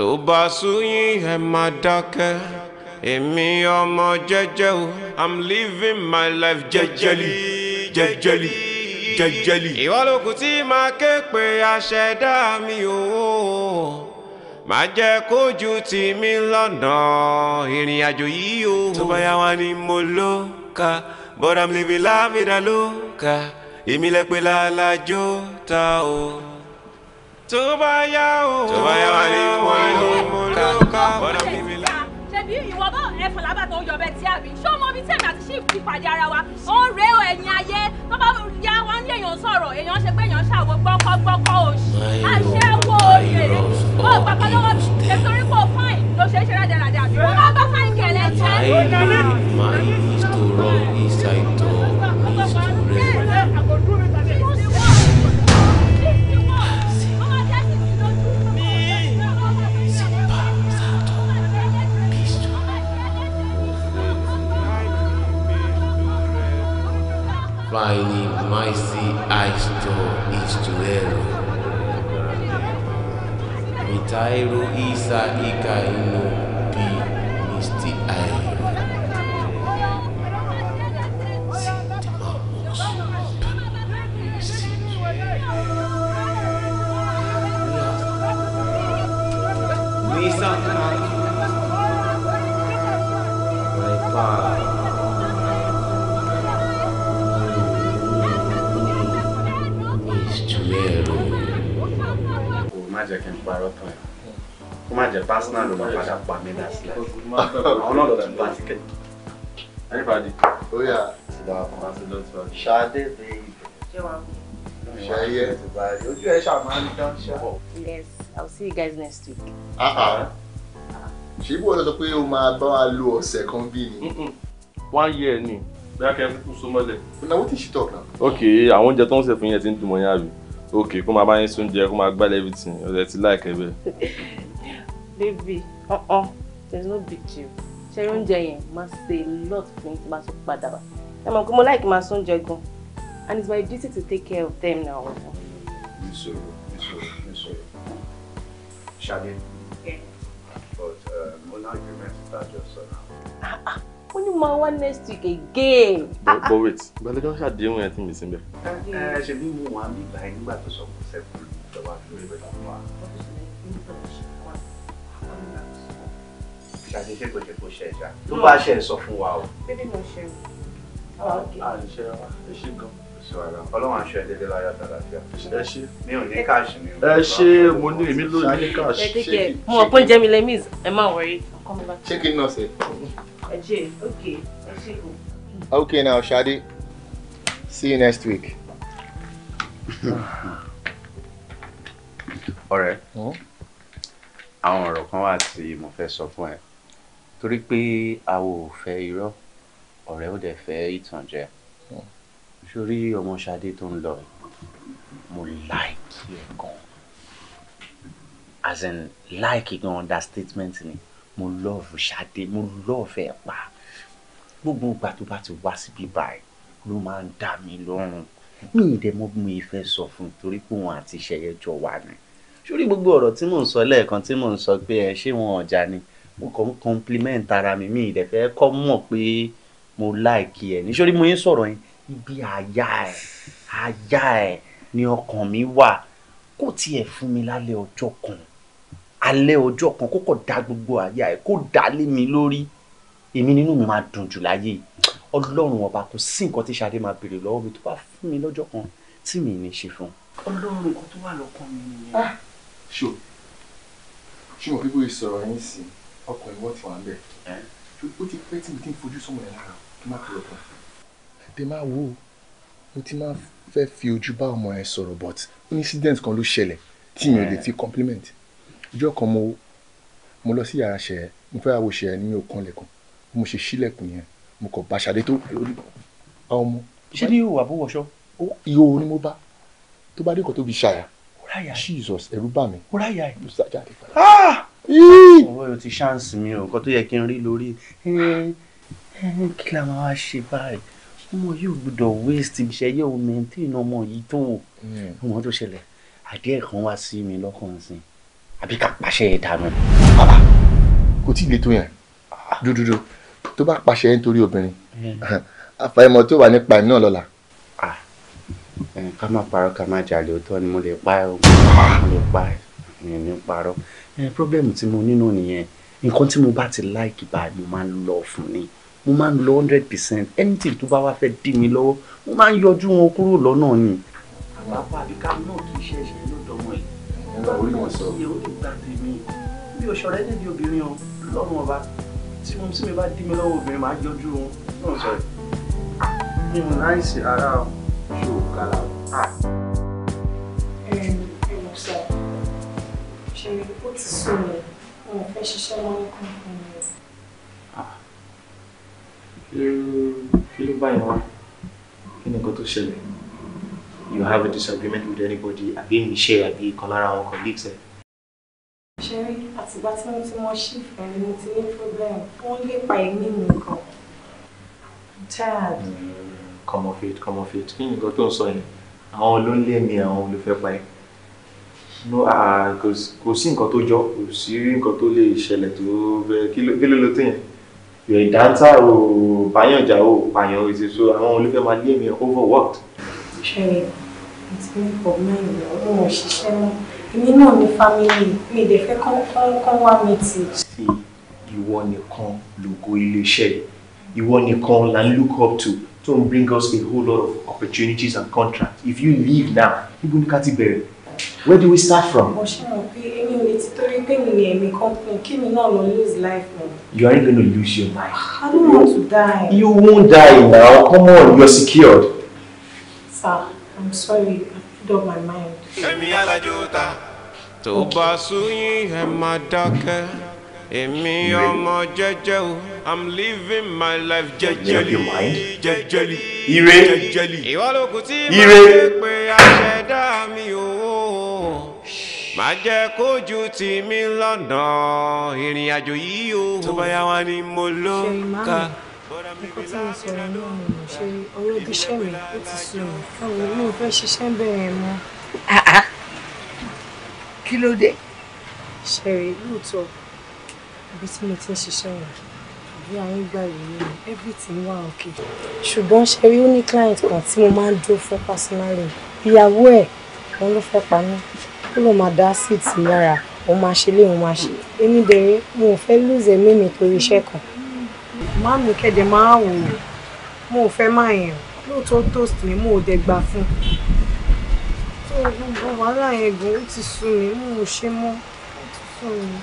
tó bá súyìn ẹ má dákẹ́ èmi ọmọ jẹ́jẹ́ o i'm living my life jẹ́jẹ́lì jẹ́jẹ́lì jẹ́jẹ́lì. ìwọ lókun tí màá ké pe aṣẹ̀dá mi o má jẹ́ kójú tì mí lọ́nà ìrìn àjò yìí o. tó bá yá wa ni mo ló ka bọ́dà mi lè fi láàmì dá ló pé lálàjò ta o tó bá yá o tó bá yá wà ní mo ló kọ́ bọ́dọ̀ mi mi la. ṣebí ìwọ bá ẹfọn lábàtà ó yọbẹ tí àbí ṣé ọmọ bíi tèmi àti ṣíìpù ti pàdé ara wa ó ré o ẹ̀yìn ayé tó bá yá wá ní èèyàn sọ̀rọ̀ èèyàn ṣe pé èèyàn ṣàwọ gbọkọ gbọkọ òṣì àṣẹ wo òṣèré ó gbàgbọ́ lọ́wọ́ mi ètò orí pò fáìn ló ṣe é ṣe rádaràdà àbí wọ́n bá bá fáìn kẹ̀lẹ́ jẹ́. Tairu Isa Ika Inu Arsenal ló máa padà pa mí láti láti. Àwọn náà lọ Everybody. Ó yá. Ti bá wọn àti lọ́tọ̀. Ṣadé baby. Ṣẹ́yẹ. Yes, I will see you guys next week. Uh ibùdó She pé o máa bá wa lo ọ̀sẹ̀ kan bí ni? One year ni. Bẹ́ẹ̀ kẹ́ kú so mọ́lẹ̀. Na wetin she talk now? Okay, I want tó ń sè fún yẹn ti ń dùn mọ́ yín Okay, come máa bá yín sóúnjẹ, kó máa everything, ọ̀sẹ̀ like láìkẹ́ baby uh -uh, there is no big deal ṣe oúnjẹ yẹn máa ṣe lot fún tí máa tún padà wá ẹ mọ̀ pé mo láìkí máa sún oúnjẹ gan and it's my duty to take care of them now. mi sọ̀rọ̀ mi sọ̀rọ̀ mi sọ̀rọ̀ ṣadé but um, mo just yóò mẹ́tò ah, sọ̀rọ̀. Ah, ó ní máa wá next week again. but ah, ah. wait gbọ́dọ̀ jọ́ ṣàdéhùn ẹ̀ tí mi sí bẹ́ẹ̀. ẹ ṣe bí mo wà á bí báyìí nígbà tó sọ fún sẹ́kùn ìjọba fún ìgbẹ́ta fún wa. ṣàdé ṣé kò ṣe kò ṣe ẹja tó bá ṣe sọ fún wa o. bíbí mo ṣe o. à ń ṣe wa ẹ ṣe gan. ọlọ́run aṣọ ẹ̀dẹ́dẹ́ láyọ̀ àtàlàfíà. ẹ ṣe mi ò ní káàṣì mi. ẹ ṣe mo ní èmi ló ní káàṣì. mo mọ̀ pé jẹ́mi lẹ́mìs ẹ má wọrí. ṣé kí n nọ sẹ. ẹ jẹ́ okay ẹ ṣe o. okay now Shadi see you next week. ọ̀rẹ́ àwọn ọ̀rọ̀ kan wà tí mo fẹ́ sọ fún ẹ torí pé a ò fẹ́ irọ́ ọ̀rẹ́ ò dẹ̀ fẹ́ ìtànjẹ sórí ọmọ Ṣadé tó ń lọ mo láìkí ẹ̀ gan as in láìkí gan understatement ni mo lọ́ọ̀fù Ṣadé mo lọ́ọ̀fù ẹ̀ pa gbogbo ìgbà tó bá ti wá síbí báyìí ló máa ń dá mi lọ́rùn mi ì dẹ̀ mọ́ bí mo fẹ́ sọ fún un torí pé òun àti ìṣẹ̀yẹ jọ wà ní sórí gbogbo ọ̀rọ̀ tí mò ń sọ lẹ́ẹ̀kan tí mò ń sọ pé ẹ ṣé wọn ọ̀já ni mo kàn ń ara mi mi ìdẹ̀ fẹ́ kọ́ mọ̀ pé mo láìkí ẹ̀ nítorí mo yín sọ̀rọ̀ yẹn ibi àyà ẹ̀ àyà ẹ̀ ni ọkàn mi wà kó tiẹ̀ fún mi lálẹ́ ọjọ́ kan alẹ́ ọjọ́ kan kó kọ̀ da gbogbo àyà ẹ̀ kó dá lé mi lórí èmi nínú mi máa dùn jù láyé ọlọ́run ọba kò sí nǹkan tí Ṣadé máa béèrè lọ́wọ́ mi tó bá fún mi lọ́jọ́ kan tí mi ní ṣe fún un. ọlọ́run kan tó wà lọ́kàn mi nìyẹn. ṣùgbọ́n bí wọ́n sọ̀rọ̀ yín sí i ọkọ ìwọ ti wà ń bẹ ó ti pẹ́ tí mi ti ń fojú sọmọ yẹn lára kí má kúrò kan. àti máa wo mo ti máa fẹ́ fi ojú bá ọmọ yẹn sọ̀rọ̀ but incident kan ló ṣẹlẹ̀ tí mi ò lè fi compliment ọjọ́ kan mo mo lọ sí yàrá ṣẹ mo fẹ́ àwọ̀ ṣẹ ní òkan lẹ̀kùn mo ṣe sílẹ̀kùn yẹn mo kàn bá ṣàdé tó ọmọ. ṣé ní ìhòòhò àbúwọ̀ṣọ. ìhòòhò ni mo bá tó bá dé kó tóbi ṣàyà jesus ẹ̀rù bà mí. ó ráyà ẹ̀. mo ṣàjáde padà. Ah! owó yóò ti ṣáǹsì mi o nǹkan tó yẹ kí n rí lórí kí la máa wá ṣe báyìí ọmọ yóò gbọ́dọ̀ waste iṣẹ́ yóò maintain ọmọ yìí tó wò hmm. ọmọ tó ṣẹlẹ̀ àdéhùn kan wá sí mi lọ́kàn sí i àbí ká pàṣẹ ẹ̀ dànù. bàbá kò tí ì le tó yẹn dúdúdú tó bá pàṣẹ ẹ̀ nítorí obìnrin àfàìmọ̀ tó wà nípa ẹ̀ náà lọ́la ká má parọ́ ká má jalè òótọ́ ni mo lè pa ẹ́ o mo lè pa ẹ́ mi ò ní parọ́ Eh, problem tí mo nínú nìyẹn nǹkan tí mo bá ti like báyìí mo máa ń lọ fún ni mo máa ń hundred percent anything tó bá wá fẹ́ dí mi lọ́wọ́ mo máa ń yọjú wọn kúrò lọ́nà ni. àwọn apá àbíká náà kì í ṣe ẹ̀ṣẹ̀ lọ́dọ̀ wọn yìí nígbà tó ń sọ yẹ ó lè gbà tèmi bí o ṣọ̀rẹ́ níbi obìnrin o lọ́rùn ọba tí mo sì mi bá dí mi lọ́wọ́ obìnrin máa yọjú wọn mi ò láìsí ara o ṣòkàlà Ah. you have a disagreement with anybody àbí mi ṣe àbí kan lára àwọn colleagues Sherry, at the bottom, tí wọ́n ti mọ ṣífẹ̀ ni problem Only by me. mi I'm hmm, tired. come off it come off it I'm ni nǹkan tó ń sọ yẹn àwọn ló ń lé mi àwọn no kò sí nǹkan tó jọ kò sí nǹkan tó lè ṣẹlẹ̀ tó bẹ́ẹ̀ kí ló ló tó yẹn yóò dáńtà o báyànjà o pààyàn ètò so àwọn olùfẹ́ máa lé mi overworked. ṣe it's been for many years mo ṣiṣẹ́ náà èmi náà ní family mi dẹ̀ fẹ́ kán wá mi tì. sí ìwọ nìkan lògo iléeṣẹ́ ìwọ nìkan la ń look up to to bring us a whole lot of opportunities and contracts if you leave now ibo ni ká ti bẹ̀rẹ̀. Where do we start from? You aren't going to lose your life. I don't want to die. You won't die now. Come on, you're secured. Sir, I'm sorry. I've put up my mind. tó bá I'm living my life jẹjẹli jẹjẹli ire ire má jẹ́ kójú tì mí lọ́nà ìrìn àjò yìí o. tó bá yá wa ni mo ló ń ka. nǹkan tí mo sọ̀rọ̀ náà mo ṣe ọwọ́ ibi iṣẹ́ mi ó ti sùn àwọn mi ò fẹ́ ṣiṣẹ́ bẹ́ẹ̀ mọ́. Ah, ah. kí ló dé. ṣẹ̀rí lóòótọ́ ibi tí mo ti ń ṣiṣẹ́ yẹn bí ayé gbà yìí everything wà okay ṣùgbọ́n ṣe rí ó ní client kan tí mo máa ń dúró fún personally ìyàwó ẹ̀ òun ló fẹ́ pa mí ó lọ máa dá seat lára òun máa ṣe lé òun máa ṣe èmi dẹ̀rẹ́ mo ò fẹ́ lose ẹ̀mí mi torí iṣẹ́ kan. má mi kẹ́dẹ̀ máa wò ó mo ò fẹ́ máa yàn lóòótọ́ toast ni mo ò dẹ̀ gbà fún tó gbogbo wàhálà yẹn gan ó ti sú mi mo ò ṣe mọ́ ó ti sú mi.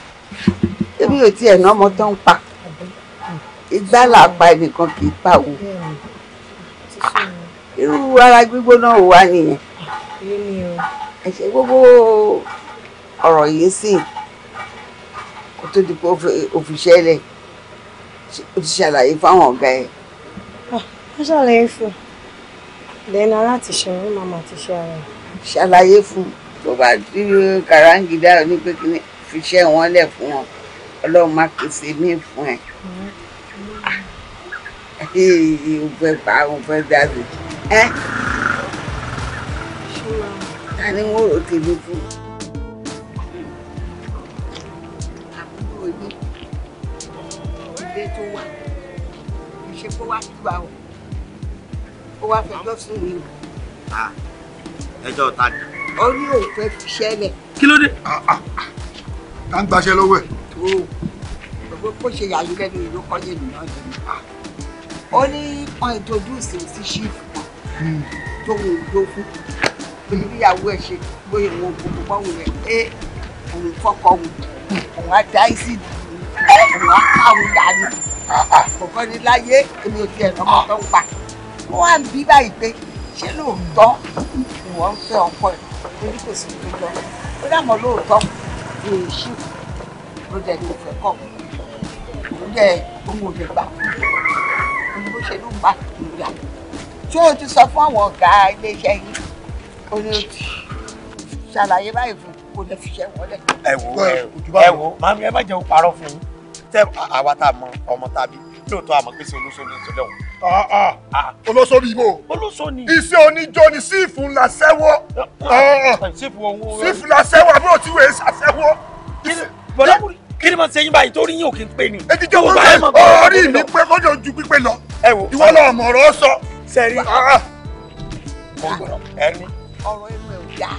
ebi ò tiẹ̀ ná ọmọ tó pa igbá làpá ẹnìkan kì í pàwọ́ irú ara gbígbóná ò wá nìyẹn ẹ̀ṣẹ̀ gbogbo ọ̀rọ̀ yìí sì kó tó di pé òfìṣẹ́ lẹ̀ o ti ṣàlàyé fáwọn ọ̀gá ẹ̀. Ah, wọ́n ṣàlàyé fún un lẹ́nu aláti ṣọ̀rọ̀ màmá ti ṣe ara rẹ̀. ṣàlàyé fún un tó bá di eh, kàráǹgídá onípékiní fi ṣẹ́ wọn lẹ̀ fún wọn ọlọ́run má pèsè míì fún ẹ. Hmm o fẹ́ o fẹ́ dáre ẹ́ ta ni wọ́n rò tèmi o àbúrò yìí ilé tó wà ṣe kó wá tú àwọn ó wá fẹjọ́ sùn mí o. ẹjọ́ ta ni. ó ní òun fẹ́ fi ṣẹlẹ̀. kí ló dé. ká ah, ah, ah. ń gbaṣẹ́ lọ́wọ́ ẹ̀. o gbogbo kó ṣe yàrá lẹ́nu ìlú kọ́lé nìyọ́n ni ó ní wọn introduce sí ṣífù hmm. tó wù ú tó fún oníyàwó ẹ̀ ṣe bóyá òun ògùn tó bọ́ wù rẹ̀ òun fọ́kọ̀ wù òun á dá sí òun á káwọn dání kọ̀ọ̀kan ní láyé èmi ò tiẹ̀ lọ́mọ tó ń pa wọ́n wá ń bí báyìí pé ṣé lóòótọ́ ìwọ́n fẹ́ ọkọ ẹ̀ torí kò sí tó jọ ó dàmọ́ lóòótọ́ kò ṣì ló dẹ̀ ló fẹ́ kọ̀ ló dẹ̀ òun ò lè gbà bó ṣe ló máa kúra ṣé o ti sọ fún àwọn ọ̀gá iléeṣẹ́ yìí o ní o ti ṣàlàyé báyìí fún kò lè fi ṣe wọlé. ẹ wo ẹ wo màmí ẹ má jẹun parọ́ fún yín tẹ àwa tá a mọ ọmọ tàbí lóòótọ́ àmọ́ pèsè olóṣòlì ìṣẹ̀lẹ̀ òun. olóṣòlì ibo olóṣòlì iṣẹ́ oníjó ni síìfù ńlá sẹ́wọ́ ah, ah, ah. síìfù ńlá sẹ́wọ́ àbúrò tí wèé sàṣẹ́wọ́ kí ni mo ṣe yín báyìí torí yín ò kí n pè ní. etí jẹ́ wọ́n fẹ́ orí mi pé kọ́jọ́ ju pípé lọ. ẹ wo ìwọ lọ ọmọ ọ̀rọ̀ sọ. sẹ́rí ah, ah. ẹni. ọ̀rọ̀ inú ẹ̀ ò dá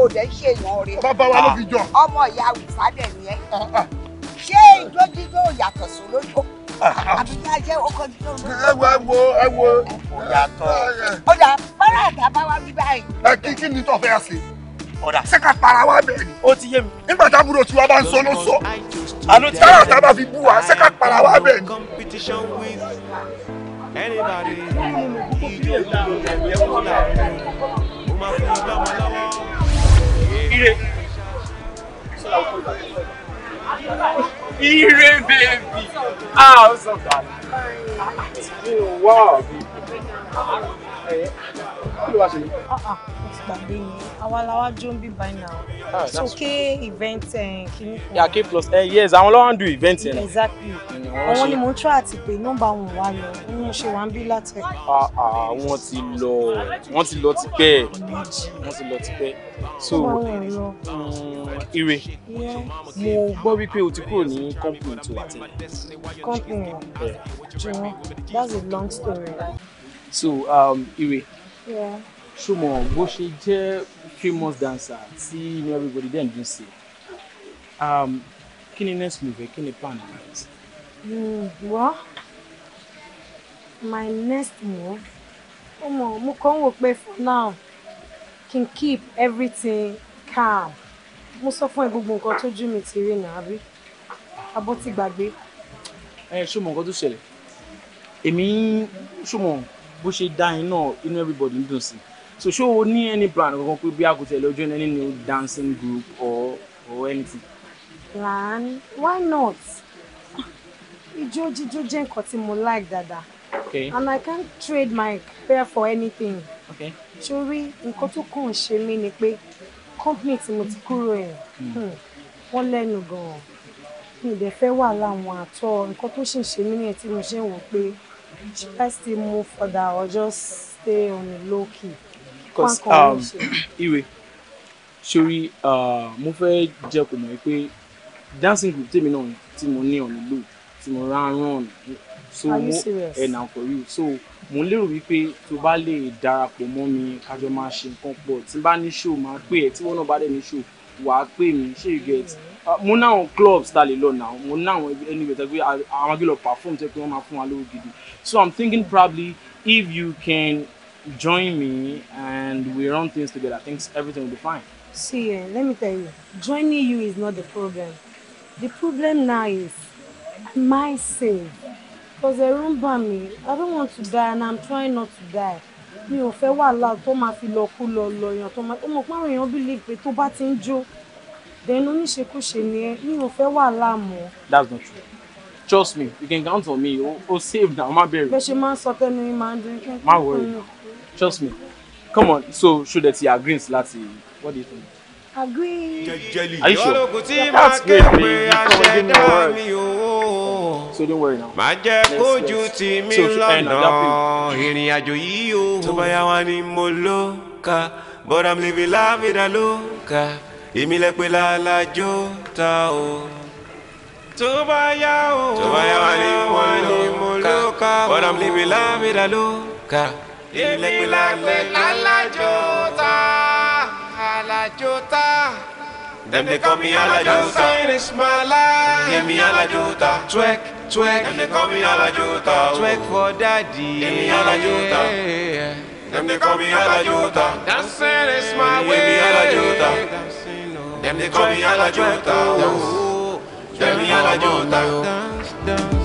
o dẹ̀ ń ṣe èèyàn rẹ̀. bàbá wa ló fi jọ. Ah, ọmọ ìyá awùsá dẹ̀ ni ẹ. ṣé ijó jíjó yàtọ̀ sí lójó? àbí kí a jẹ́ ọkọ̀ jíjó ẹ wo ẹ wo ẹ wo. ó yàtọ̀. àtàbáwá bíbá yìí. ẹ kí kí ni tó fẹ́ ọ̀dà ṣé ká para wá bẹ́ẹ̀ ni. ó ti yé mi. nígbà tábúrò tí wàá bá ń sọ ló sọ. àló tí táwọn àtàbà fi bú wa ṣé ká para wá bẹ́ẹ̀ ni. ire ire baby house of that. wow. Kí ló wá ṣe ah, ah gbàgbé ni àwa làwa jó ń bí by now It's okay, event eh, kìíní kan. yà k plus ẹ eh, yes àwọn lọ́wọ́ ń do event yẹn. exactly mm, àwọn ni mo ń try àti pé nọ́mbà wọn wà lọ ni mo ṣe wà ń bí látẹ̀. Ah, ah, wọ́n ti lọ wọ́n ti lọ tipẹ́ wọ́n ti lọ tipẹ́ so mm, ire mo gbọ́ wípé o ti kúrò ní company tó wà tẹ́lẹ̀. company jọ that's a long story. so um, ire. Yeah ṣùgbọ́n bó ṣe jẹ́ famous dancer tí inú everybody dem dùn sí um, kí ni next move kí ni plan next. Mm, wọ́ my next move ó mọ̀ mo kàn ń wò pé for now can keep everything calm mo sọ fún ẹ gbogbo nǹkan tójú mi ti rí nà àbí abọ́ ti gbàgbé. ẹ ṣùgbọ́n nǹkan tó ṣẹlẹ̀ èmi ṣùgbọ́n bó ṣe dá yín náà inú everybody ń dùn sí i so ṣé o ní any plan kankan pé bí a kò tẹ̀lé ojú any new dancing group or or anything. plan why not ijó jíjó jẹ́ nǹkan tí mo like dáadáa okay. and i can't trade my pair for anything sórí nǹkan tó kàn ṣe mí ni pé company tí mo ti kúrò ẹ̀ hmm. hmm, wọ́n lẹ́nu gan-an mi dẹ̀ fẹ́ wà láwọn àtọ́ nǹkan tó ṣì ń ṣe mí nìyẹn tí mo ṣe ń wò pé should i still move further or just stay on a low key because um, Ire sori uh, mo fẹ́ jẹ́ kó mọ̀ pé dancing group tèmi náà tí mo ní ọ̀nà lò tí mo rán rán so mo ẹ̀nà for you so mo lérò wípé tó bá lè darapọ̀ mọ́ mi kájọ máa ṣe nǹkan pọ̀ tí n bá ní show máa pè ẹ́ tí wọ́n náà bá dẹ̀ ní show wàá pè mí ṣé you get mm-hmm. uh, mo ní àwọn clubs tá a lè lọ náà mo ní àwọn ẹni bẹ̀tẹ̀ pé àwọn agbélọ̀ perform tẹ́ pé wọ́n máa fún wa lówó gidi so i'm thinking probably if you can join me and we run things together. Things, everything will be fine. See, uh, let me tell you, joining you is not the problem. The problem now is my sin. Because ẹ̀rù ń bà mí, I don't want to die and I'm trying not to die. Mi ò fẹ́ wàhálà tó máa fi lọ kú lọ lọ èèyàn tó máa mọ̀ pé àwọn èèyàn believe pé tó bá ti ń jó. Then oníṣekúṣe ni ẹ, mi ò fẹ́ wàhálà mọ́. That's not true. Trust me, you can count on me. O, o save na, o má bẹ̀rù. Bẹ́ẹ̀ ṣe máa ń sọ tẹnu mi máa dín kí n kí worry. Trust me. Come on. So, should that he agrees, Lati? What do you think? Agree. Jelly. Are you sure? that's great, baby. Come on, give me your word. So don't worry now. Má jẹ́ kójú tì mí lọ́nà ìrìn àjò yìí o. Tó bá yá wa ni mo ló but I'm living la vida loca. Èmi lẹ pé lálájó ta o. Tó bá yá o. Tó bá yá wa ni mo ló but I'm living la vida loca èmi lẹ́gbẹ̀lẹ́ alájò ta alájò ta. Them they call me Alajuta. Dancing is my life. give me Alajuta. Twerk, twerk. Dem dey call me Alajuta. Twerk for daddy. Give me Alajuta. Dem dey call me Alajuta. Dancing is my way. give me Alajuta. Dem dey call me Alajuta. Oh. Them me Alajuta.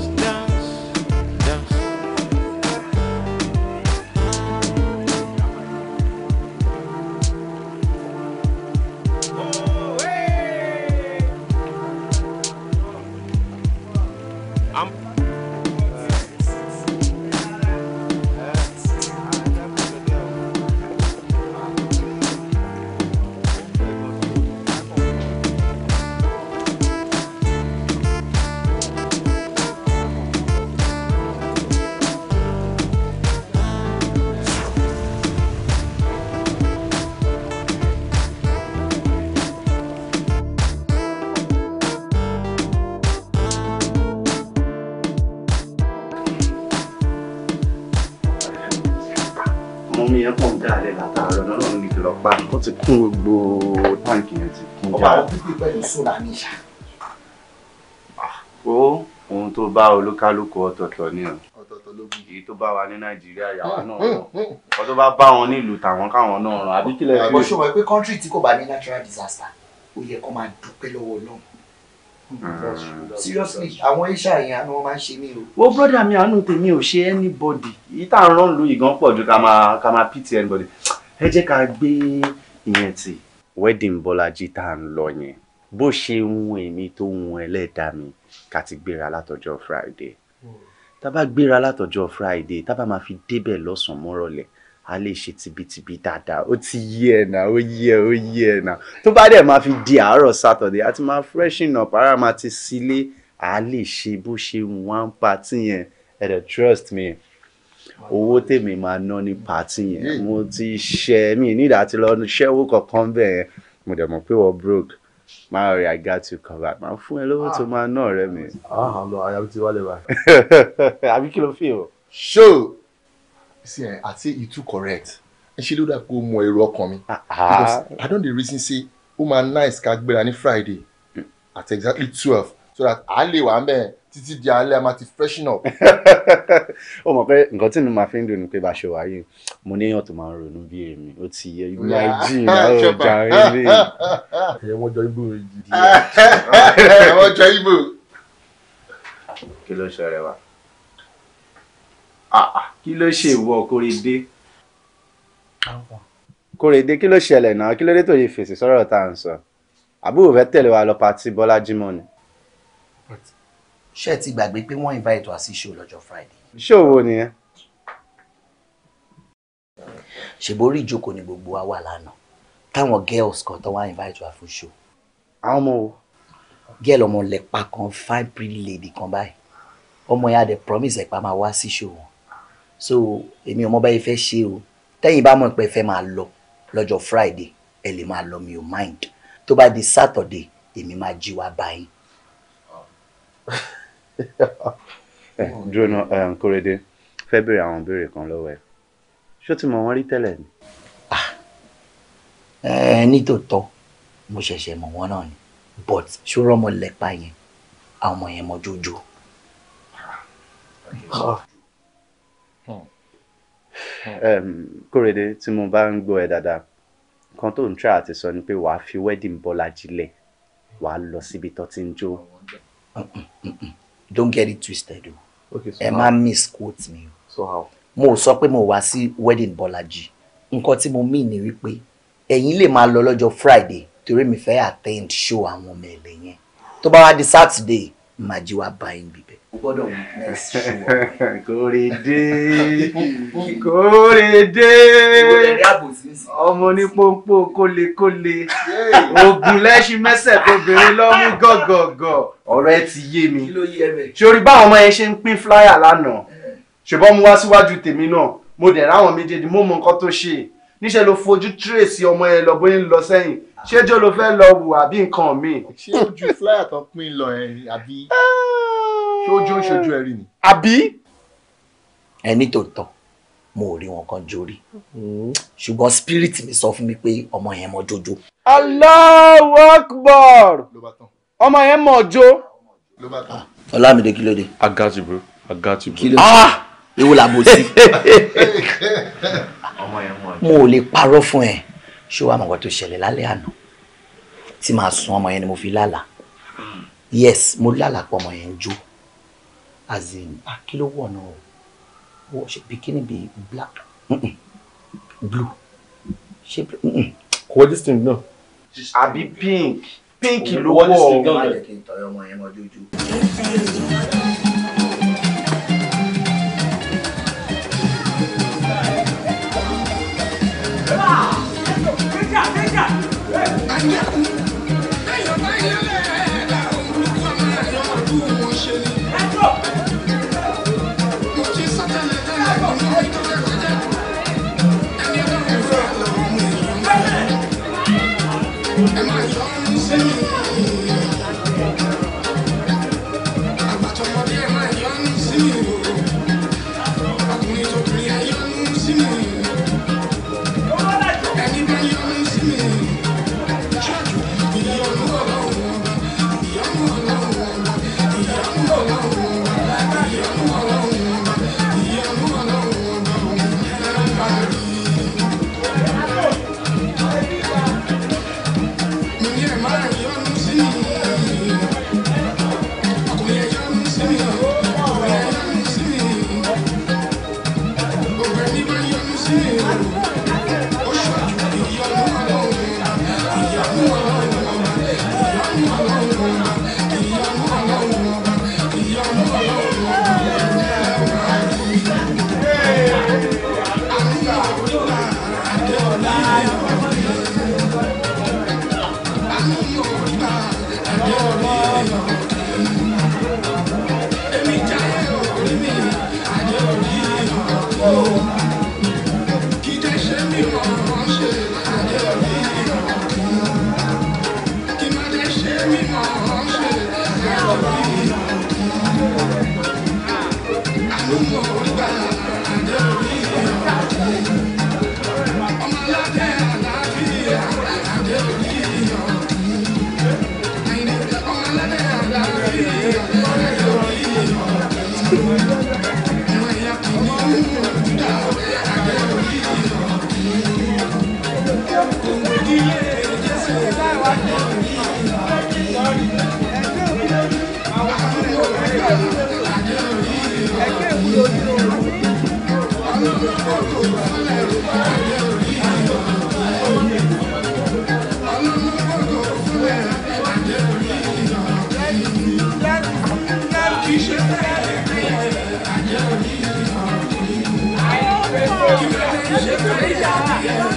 yẹn kàn dáadẹ́ látàárọ̀ náà lọ́nà ní kìlọ̀ pa ó ti kún gbogbo táǹkì yẹn ti kún já. ọba àwọn pẹ̀lú sóra ní ìṣá. ó ohun tó bá olúkálùkù ọ̀tọ̀ọ̀tọ̀ ni o èyí tó bá wa ní nàìjíríà yàrá náà rán hmm, hmm, hmm. ọ tó bá bá wọn nílùú tàwọn káwọn náà rán àbí kílẹ̀ fi. ọ̀ṣọ́ mọ̀ pé kọ́ńtírì tí kò bá ní natural disaster ó yẹ kó máa dúpẹ́ lọ́wọ́ ọlọ́run Ah, seriously àwọn iṣẹ́ àyàn ni wọ́n máa ń ṣe mí o. wo brọ́dà mi àánú tèmi ò ṣe anybody yìí tá à ń rán lu ìgàn pọ̀ ju ká máa ká máa pity anybody ẹ jẹ́ ká gbé ìyẹn tì. wedding Bọ́lájí tá à ń lọ yẹn bó ṣe ń hun èmi tó ń hun ẹlẹ́dàá mi ká ti gbéra látọjọ́ Friday hmm. tá a bá gbéra látọjọ́ Friday tá a bá máa fi débẹ̀ lọ́sàn-án mọ́rọ̀lẹ́ a lè ṣe tìbítìbí dáadáa ó ti yí ẹ na. ó yí ẹ ó yí ẹ náà tó bá dẹ̀ máa fi di àárọ̀ sátọ̀dẹ̀ a ti máa freshen up ara máa ti sílé a lè ṣe bó ṣe wá ń patí yẹn ẹ dẹ̀ trust me owó tèmi máa ná ní patí yẹn mo ti ṣe mí nídà tí lọ ṣẹ́wó kankan bẹ́ẹ̀ mo dẹ̀ mọ̀ pé wọ́n broke máa rí I got you covered máa fún ẹ lówó tó ah. máa ná ọ̀rẹ́ mi. àhàn lọ àyàbí ti wálé wa. àbí kí ló fi o. ṣó see eh, i say you too correct ṣe ló dà kó mọ èrò ọkàn mi ah, ah. because i don dey reason say woman nice ká gbéra ní friday at exactly twelve so that a lè wà titi di alẹ́ a máa ti freshen up. ó mọ̀ pé nǹkan tí mo máa fi ń dùn ni pé bá a ṣe wà yìí mo ní èèyàn tó máa ń ronú bí èmi ó ti yẹ ibi máa jì láàárọ̀ jàre lè. ẹ̀yẹ́ wọ́n jọ ibo rẹ̀ jù. ẹ̀yẹ́ wọ́n jọ ibo. kí ló ṣẹlẹ̀ wa. Ah, kí ló ṣe ìwọ Kóredé. Kóredé kí ló ṣẹlẹ̀ náà kí ló dé tó yẹ fèsì sọ́rọ̀ tá à ń sọ àbúrò fẹ́ tẹ̀lé wa lọ pati Bọ́lá Jímọ̀ ni. ṣé ẹ ti gbàgbé pé wọ́n invite wá sí show lọ́jọ́ Friday. ṣòwò nìyẹn. ṣèborí ìjókòó ni gbogbo wa wà lánàá táwọn girls kan tó wá invite wá fún show. àwọn ọmọ wo. girl ọmọ lẹ́pa kan fine pretty lady kan báyìí ọmọ yẹn á dẹ̀ promise ẹ̀ pa máa wá sí show wọn so èmi ò mọ báyìí fẹ́ ṣe o tẹ́yìn bá mọ̀ pé fẹ́ máa lọ lọ́jọ́ friday ẹ lè máa lọ mi ò mind tó bá di saturday èmi máa jí wa báyìí. Eh, dúró náà eh, kórede fẹ́ béèrè àwọn ìbéèrè kan lọ́wọ́ ẹ̀ ṣó ti mọ̀ wọ́n rí tẹ́lẹ̀ ni. Eh, nítòótọ́ mo ṣẹ̀ṣẹ̀ mọ̀ wọ́n náà ni but ṣó rọ́mọ lẹ́pa yẹn àwọn ọmọ yẹn mọ jójó. Ah. Kóredé tí mo bá ń gbọ́ ẹ dáadáa kan tó ń tra àti sọ ni pé wàá fi wedding Bọ́lájí lẹ̀ wàá lọ síbi tó ti ń jó. don't get it twisted o ẹ má misquote mi mo sọ pé mo wá sí wedding Bọ́lájí nǹkan tí mo mean ni wípé ẹ̀yin lè máa lọ lọ́jọ́ Friday torí mi fẹ́ attend show àwọn ọmọ ẹ̀lẹ́ yẹn tó bá wá di Saturday máa jí wá bá yín bíbẹ̀. o gbọ́dọ̀ next show. kórèdé kórèdé ọmọ onípòǹpò kólekóle ogun lẹ́sìn mẹ́sẹ̀ tó bèrè lọ́mú gọ̀gọ̀gọ̀ ọ̀rọ̀ ẹ ti yé mi sori báwọn ọmọ yẹn ṣe ń pín flyer lánàá eh. ṣùgbọ́n mo wá síwájú tèmi náà mo dẹ̀ ráwọn méjèèjì mo mọ nǹkan tó ṣe níṣẹ́ ló fojú tírèsì ọmọ yẹn lọ bóyá ń lọ ṣéjó ló fẹ́ lọ wù àbí nǹkan míì. ṣé ojú flyer kan pín lọ ẹ àbí ṣé ojú ń ṣojú ẹ rí ni. àbí. ẹ ní tòótọ́ mo ò rí wọn kan jórí ṣùgbọ́n spirit mi sọ fún mi pé ọmọ yẹn mọ jojo. Allahu Akbar ọmọ yẹn mọ jo. Ọlámídé kí ló dé. I got bro I got bro. kí ló dé ah! ewu làbòsí. mo ò lè parọ́ fún ẹ ṣé wàá mọ̀ nǹkan tó ṣẹlẹ̀ lálẹ́ àná tí màá sun ọmọ yẹn ni mo fi lálàá hmm. yes mo lálàá pọ̀ ọmọ yẹn ń jó as in ah, kí ló wọ̀ náà o ṣe bikini bi black blue ṣe kò wọ́n dis thing náà. àbí pink pink ló wọ̀ ọ́. wọ́n dis thing náà lè kí n tọ̀yọ̀ ọmọ yẹn mọ́ jójó. 你。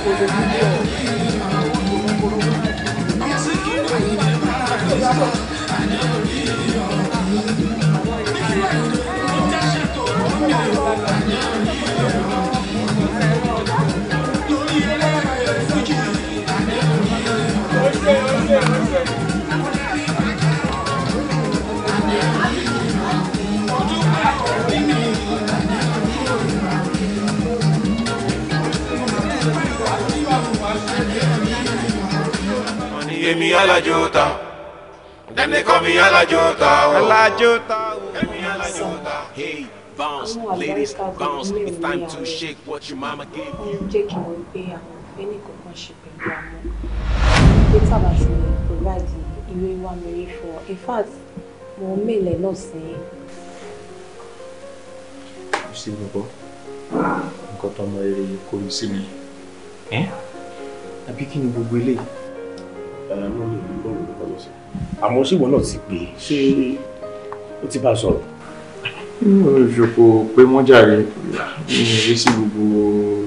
Thank you. èmi alájòta dem dey call me alájòta o. Oh. alájòta o. Oh. èmi alájòta. hey bounce ladies bounce it's time to shake what your mama gave you. ọ̀hún jẹ́ kí wọ́n gbé àwọn ẹni kankan ṣe pẹ̀lú àwọn pé tábà ti provide ìwé wa mẹ́rin fún ọ in fact mo mélẹ̀ náà sí i. kò sí mi bọ́ nǹkan tó ọmọ rere kò sí mi. àbí kí ni gbogbo eléyìí ẹ̀rọ lè ní bọ́ọ̀lù ló kọjọ sí àmọ́ ṣé ìwọ náà ti pè é ṣé ó ti bá a sọ̀rọ̀. inú ìṣòkò pé wọ́n jàre ní ìrísí gbogbo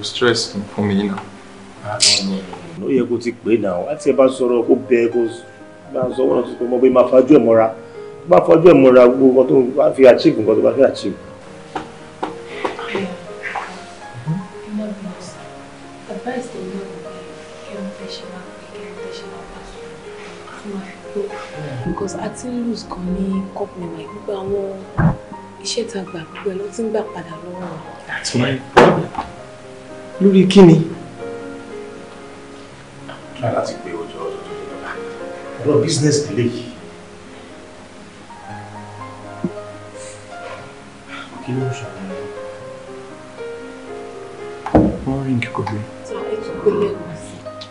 stress fún mi náà. ó yẹ kó ti pè é náà wá tí ẹ bá sọ̀rọ̀ kó bẹ kó bá a sọ wọn ti pè mọ́ pé máa fajú ẹ̀ mọ́ra bá fajú ẹ̀ mọ́ra gbogbo nǹkan tó bá fi achieve nǹkan tó bá fi achieve. advice because a ti ń lose gan ní company wa gbogbo àwọn iṣẹ́ tá a gbà gbogbo ẹ̀ ló ti ń gbà padà that's my problem. lórí kí try láti gbé ojú ọjọ́ tó tó lọ́la business delay. yìí. kí ló ń ṣàlàyé. wọ́n rí nǹkan kò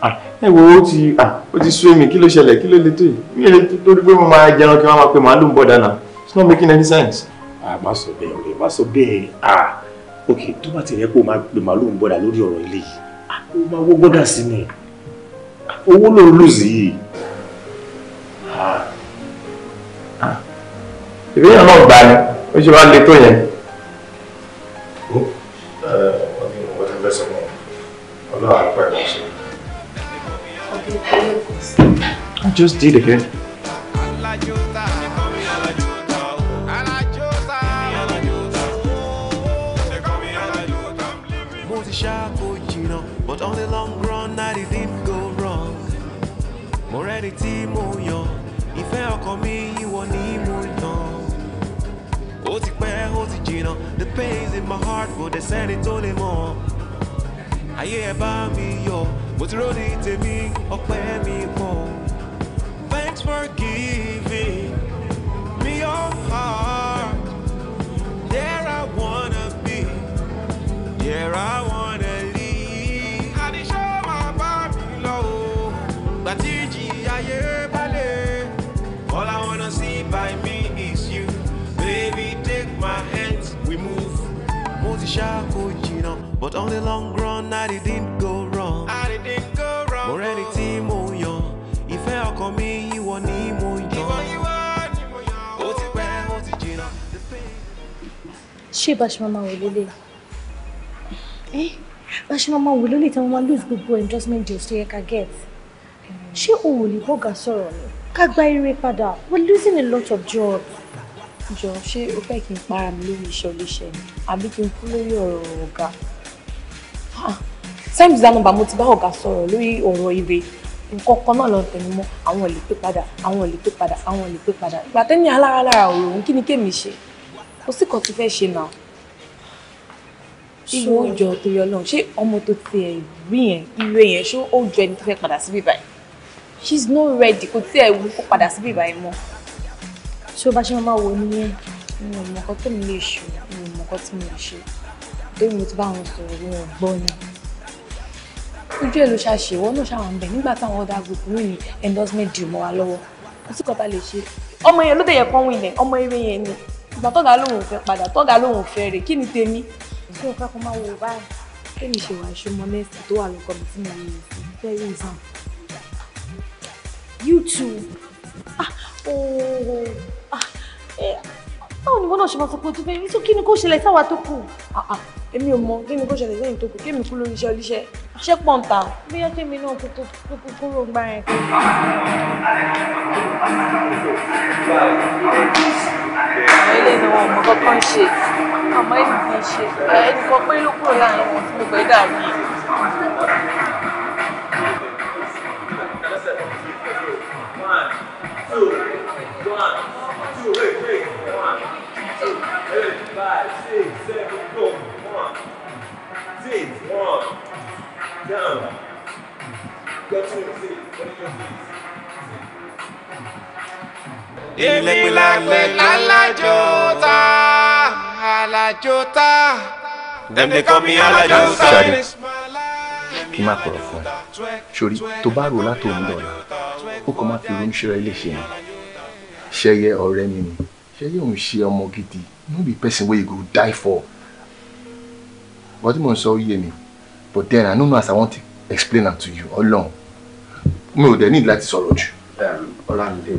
Ah, ẹ wo ó ti ah, ó ti sú èmi kí ló ṣẹlẹ̀ kí ló lè tó yìí mi ò lè torí pé mo máa jẹun kí wọ́n máa pe màálù ń bọ̀ dáná it's not making any sense. a ah, má sọ bẹ́ẹ̀ ọ̀rẹ́ má sọ bẹ́ẹ̀ ah ok tó bá ti rẹ pé o máa pe màálù ń bọ̀ dà lórí ọ̀rọ̀ ilé yìí o máa wó gbọ́dà sí ni owó ló ń lù sí yìí. ìbéèyàn náà gbà ni ó ṣe máa le tó yẹn. Oh, uh, wọ́n ní wọ́n ti fẹ́ sọ́kàn ọlọ́run àpá ìwọ̀n sọ́kàn. I just did again. But on the long run, I didn't go wrong. Mo rẹ́ni tí mo yàn, ìfẹ́ ọkàn mi ìwọ ni mo yàn. Ó ti pẹ́, ó ti the pains in my heart kò dẹ̀ sẹ́ni tó lè mọ̀. Ayé ẹ bá mi yọ̀. What's wrong with me? tèmi ọpẹ́ mi thanks for giving me your heart there I wanna be there I wanna live àdìsọ́ máa bá mi lọ o gbàtí ìjìyà yé balẹ̀ all I wanna see by me is you baby take my hand we move mo ti ṣáà kó but on the long run I didn't. ṣé ìbáṣe máa wò lélẹ̀ ẹ́ báṣe máa wò lélẹ̀ tí wọ́n máa lose gbogbo endorsement deals tó yẹ ká get ṣé o ò lè bọ́gà sọ̀rọ̀ ni ká gba eré padà we're losing a lot of jobs. jọ ṣé o fẹ́ kí n para mi lórí iṣẹ́ olóṣẹ́ ni àbí kí n kú lórí ọ̀rọ̀ ọ̀gá times ah, that number mo ti bá ọ̀gá sọ̀rọ̀ lórí ọ̀rọ̀ ire nǹkan kan náà ló ń tẹnu mọ́ àwọn ò lè pé padà àwọn ò lè pé padà àwọn ò lè pé padà ìgbà tẹ́ni alára lára òòrùn kí ni kémi ṣe kò sí kan tó fẹ́ ṣe náà ṣé ó jọ tó yọ náà ṣé ọmọ tó tiẹ̀ rí yẹn ire yẹn ṣé ó ẹni tó fẹ́ padà síbí báyìí she's no ready kò tiẹ̀ wù kó padà síbí báyìí mọ́ ṣé ó bá ṣe máa wò nìyẹn mi ò mọ̀ nǹkan tó mi lè ṣe mi ò mọ̀ nǹkan tí mo lè ṣe lórí mo ti bá àwọn sọ̀rọ̀ wọn gbọ́ ni ojú ẹ̀ ló ṣàṣe ìwọ náà ṣàwọn bẹ̀ nígbà táwọn ọ̀dà group rìn endorsement deal mọ́ wa lọ́wọ́ kò sí kan lè ṣe ọmọ yẹn ló dẹ̀ yẹ kán win ọmọ eré yẹn ni ìgbà tọ́gà lòun ò fẹ́ padà tọ́gà lòun ò fẹ́ rè kí ni tèmi. ṣé o fẹ́ kó máa wo báyìí kémi ṣe wà ṣọmọ nẹ́ẹ̀sì tó wà lọ́kọ̀ mi tí mo yẹ ẹ̀sìn fẹ́ rí nǹkan. you too ah ooo ah báwo ni wọn náà ṣe máa sọ pé o tún fẹ́ rí so kí ni kó ṣẹlẹ̀ sáwa tó kù. Ah, ah, èmi ò mọ kí ni kó ṣẹlẹ̀ sẹ́yìn tó kù kémi kú lórí iṣẹ́ oníṣẹ́ ṣé pọ̀ǹta. bí yá kémi náà kúkú kúkú kúrò gbá yẹn àwọn ilé ni wọn mọ kọ́kọ́ ń ṣe àmọ́ ẹnì kì í ṣe ẹnì kan pé ló kúrò láàrin wọn tí gbogbo ẹ̀ dàrú yìí. Down. Go to the seat. What do you see? èmi lágbè alájò ta alájò ta. dem dey call me alájò ta. kí máa kọ̀rọ̀ fún ẹ sórí tó bá rò látò ń dọ̀la ó kàn máa fi ronú rẹ léṣe yẹn ṣẹyẹ ọ̀rẹ́ mi ni ṣẹyẹ òun ṣe ọmọ gidi no be person wey you go die for but tí mo ń sọ yé mi but then i no know as i want to explain am to you Ọlọ́run mi ò dẹ̀ ní láti sọ̀rọ̀ jù. Um, Ọlámídé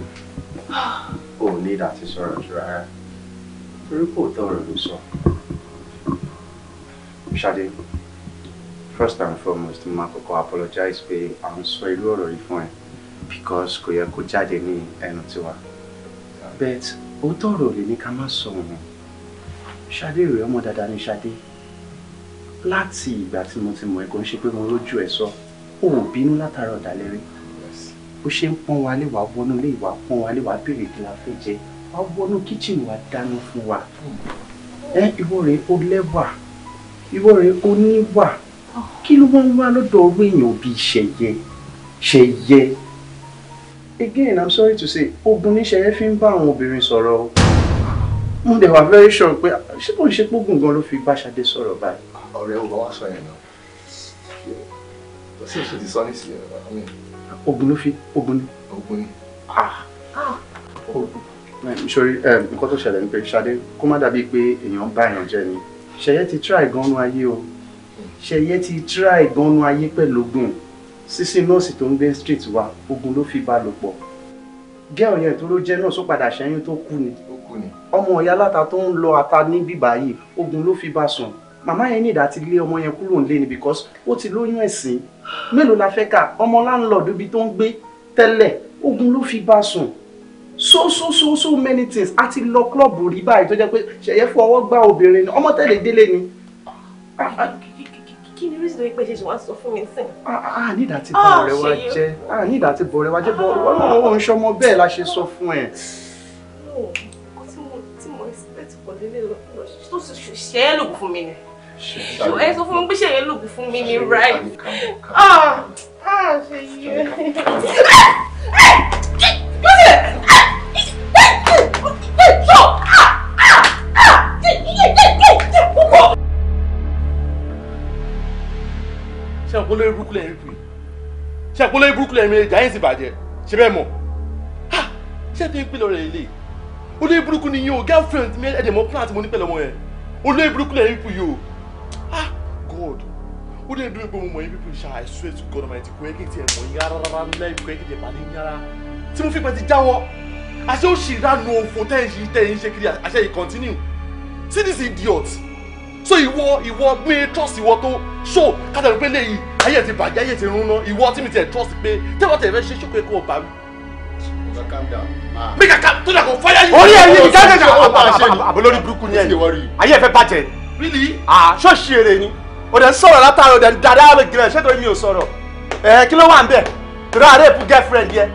ò ní láti sọ̀rọ̀ jù rárá torí kò tọ̀rọ̀ first and foremost ma máa kọ́kọ́ apologize pe à ń sọ irú ọ̀rọ̀ yìí fún ẹ because kò yẹ kó jáde ní ẹnu tiwa but ó tọ̀rọ̀ lè ní ká má sọ òun Ṣadé rèé ọmọ dáadáa ní Ṣadé láti ìgbà tí mo ti mọ̀ ẹ́ kó ń ṣe pé mo rójú ẹ̀ sọ ò bínú látara ọ̀dàlẹ́rìí bó ṣe ń pọ́n wa lé wàá wọnú ilé ìwà pọ́n wa lé wàá béèrè kí la fẹ́ jẹ wàá wọnú kíchìnì wàá dáná fún wa ẹ ìwọ rẹ ó lẹ́wà ìwọ rẹ ó níwà kí ló wọ́n wá lọ́dọ̀ ọ̀rọ̀ èèyàn bíi ṣẹ̀yẹ ṣẹ̀yẹ again i'm sorry to say ogun ní ṣẹ̀yẹ fi ń bá àwọn obìnrin sọ̀rọ̀ o mo dẹ̀ wà very sure pé ṣé kò ń ṣe pógun gan ló fi bá Ṣadé sọ̀rọ̀ báyìí. ọ̀rẹ́ o bá wá sọ yẹn náà kò sí ti sọ nísìnyí i mean ogun ló fi Ah. ni. ogun ni. Ah. Ah. Eh, sori eh, nǹkan tó ṣẹlẹ̀ ni pé ṣadé kó má dàbíi pé èèyàn bá èèyàn jẹ ni ṣẹyẹ ti try gan-an ayé o ṣẹyẹ ti try gan-an ayé pẹ̀lú ogun sísìn nọ́ọ̀sì tó ń gbé street wa ogun ló fi bá lò pọ̀ gẹ́ọ̀ yẹn tó ló jẹ́ náà só padà ṣẹ́yìn tó kú ni ọmọ ìyá aláta tó ń lọ ata ní bíbá yìí ogun ló fi bá sùn màmá yẹn ní ìdátí lé ọmọ yẹn kúrò nílé ni because ó ti lóyún ẹ̀sìn mélòó la fẹ́ kà ọmọ láńlọ́ọ̀dù ibi tó ń gbé tẹ́lẹ̀ ogun ló fi bá sùn so so so so many things a ti lọ klọ́ọ̀bù rí báyìí tó jẹ́ pé ṣẹ̀yẹ́ fọwọ́ gbá obìnrin ni ọmọ tẹ̀lé délé ni. Ah, ah, kí ni reason wípé ṣe ṣe wá sọ fún mi sìn. a ní ìdá tí bọ̀ rẹ wá jẹ́ a ah, ní ìdá tí bọ̀ rẹ wá jẹ́ bọ̀ wọn náà wọn ń ṣọmọ bẹ́ẹ̀ la ṣe sọ fún ẹ. tí mo expect kò délé lọ ṣe é lògùn fún mi ni ṣùgbọ́n ẹ sọ fún mi pé ṣèyẹ lògù fún mi ní ráì. ṣèyẹ. ṣé àpolóyè ah, ah, ah, burúkú lẹ́yìn rí pé ṣé àpolóyè burúkú lẹ́yìn rí jàyìn sì bàjẹ́ ṣe bẹ́ẹ̀ mọ̀ ṣé àti ìpínlẹ̀ ni yín girlfriend mi ẹ̀dẹ̀ mọ́ plant mo ní pẹ̀lú ọmọ yẹn olóyè burúkú lẹ́yìn God ó dẹ̀ dúró pé mo mọ̀ yín pípé I swear to God Almighty kò yẹ kí n tiẹ̀ mọ̀ yín rárá nílẹ̀ kò yẹ kí n tiẹ̀ pàdé yín rárá tí mo fi pẹ́ ti jáwọ́ àṣẹ ó ṣì ránu òfò tẹ́ ẹ̀ ṣe tẹ́ ẹ̀ ń ṣe kiri àṣẹ yìí continue see this idiot so ìwọ ìwọ he trust ìwọ tó so kátà pé lẹ́yìn ayé ti bàjẹ́ ayé ti run náà ìwọ tí mi tiẹ̀ trust pé tẹ́wọ́ tẹ̀ fẹ́ ṣe ṣókè kó o bá mi. make i calm down so that i go fire you. orí ẹ̀ yé mi ká ṣe ṣe àbọ̀lórí burúkú ni ẹ̀ ayé ẹ̀ fẹ́ bàjẹ́. really? ah ṣọ́ọ̀ṣì èrè ni o dẹ̀ ń sọ̀rọ̀ látàrí o dẹ̀ ń dada rẹ̀ gírẹ̀ ṣé torí mi ò sọ̀rọ̀ ẹ̀ kí ló wà ń bẹ̀ ra rape girlfriend yẹ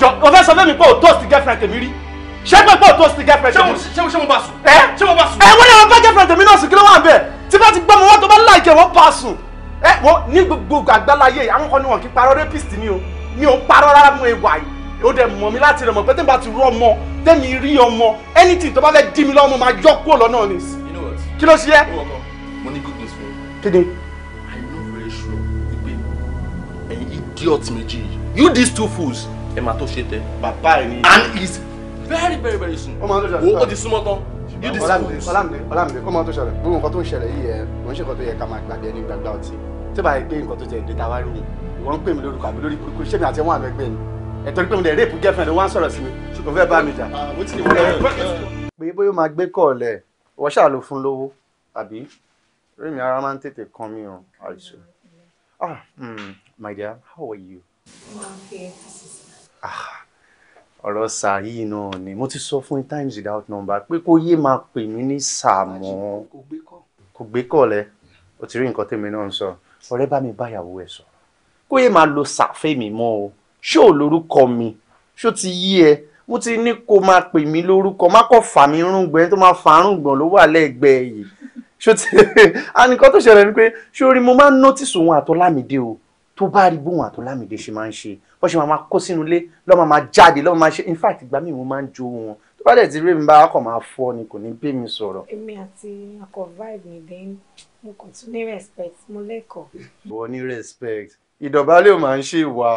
jọ o fẹ́ sọ fún mi pé o toast girlfriend tèmi rí ṣé pé pé o toast girlfriend tèmi rí. ṣé mo ṣé mo bá sùn. ẹ ṣé mo bá sùn. ẹ wọ́n yẹ wọ́n bá girlfriend tèmi náà sùn kí ló wà ń bẹ̀ tí bá ti gbọ́ mi wọ́n tó bá láìkẹ́ wọ́n bá sùn. ẹ wọ́n ní gbogbo àgbáláyé àwọn kan ní wọn kí parọ́ rapist ni o mi ò parọ́ rárá mu ìwà yìí ó dẹ̀ mọ̀ mi láti rẹ̀ mọ̀ pé tẹ́mi bá ti rú ọmọ tẹ́mi rí ọmọ anything tó bá fẹ́ dí mi lọ́mọ máa yọ kúrò lọ́nà ni. kí ló ṣe é. mo ní gbogbo kéde. i know very sure wípé ẹ̀yin idiot méjì you these two fools ẹ máa tó ṣe tẹ. bàbá ẹ ni. and is very very very soon. ọmọ o ti súnmọ́ tán. you these fools. ọlámìdé ọlámìdé ọmọ tó ṣàlẹ̀ gbogbo nǹkan tó ń ṣẹlẹ̀ yìí ẹ kò ń ṣe nǹkan tó yẹ ká máa gbàgbé ẹni gbàgbá ọtí tí bá yẹ pé nǹkan tó jẹ ìdè táwa rí ni ìwọ ń pè mí lórúkọ àbí lórí kúrúkú ṣé mi àti ẹwọn àgbẹgbẹ ni ẹ̀tọ́ rí pé mo dẹ rape girlfriend wọn sọ̀rọ̀ sí mi ṣùgbọ́n fẹẹ bá mi jà. Ah, pé bóyá máa gbé kọ̀ọ̀lẹ̀ wọ́n ṣàlò fún lówó àbí rí mi ara máa ń tètè kan ah mm, my dear how are you. Ah, ọ̀rọ̀ sà yìí náà ni mo ti sọ fún yín times without number pé kó yé máa pè mí ní sà mọ́ kò gbé kọ̀ lẹ́ o ti rí nǹkan tèmi náà ń sọ ọ̀rẹ́ bá mi báyàwó ẹ̀ sọ kó yé máa lo sàfẹ́ mi mọ́ o ṣó lórúkọ mi ṣó ti yí ẹ mo ti ní kó máa pè mí lórúkọ má kọ́ fà mí rúngbẹ́ tó máa fa rúngbọ̀n ló wà lẹ́gbẹ̀ẹ́ yìí ṣó ti a nìkan tó ṣẹlẹ̀ ni pé ṣórí mo máa ń nọ́tìsì òun àtọ́lámìdé o tó bá rí bóun àtọ́lámìdé ṣe máa ń ṣe wọ́n ṣe máa kó sínú ilé lọ́ọ́ máa jáde lọ́ọ́ máa ṣe in fact ìgbà míì mo máa ń jó wọn tó bá dẹ̀ ti rí mi bá kàn máa fọ́ ni kò ní bí mi sọ̀rọ̀. èmi àti akọ vibe mi dẹ́n mo kàn tún ní respect mo lẹ́kọ̀ọ́. ìwọ ní respect ìdọ̀bálẹ̀ ò máa ń ṣe ìwà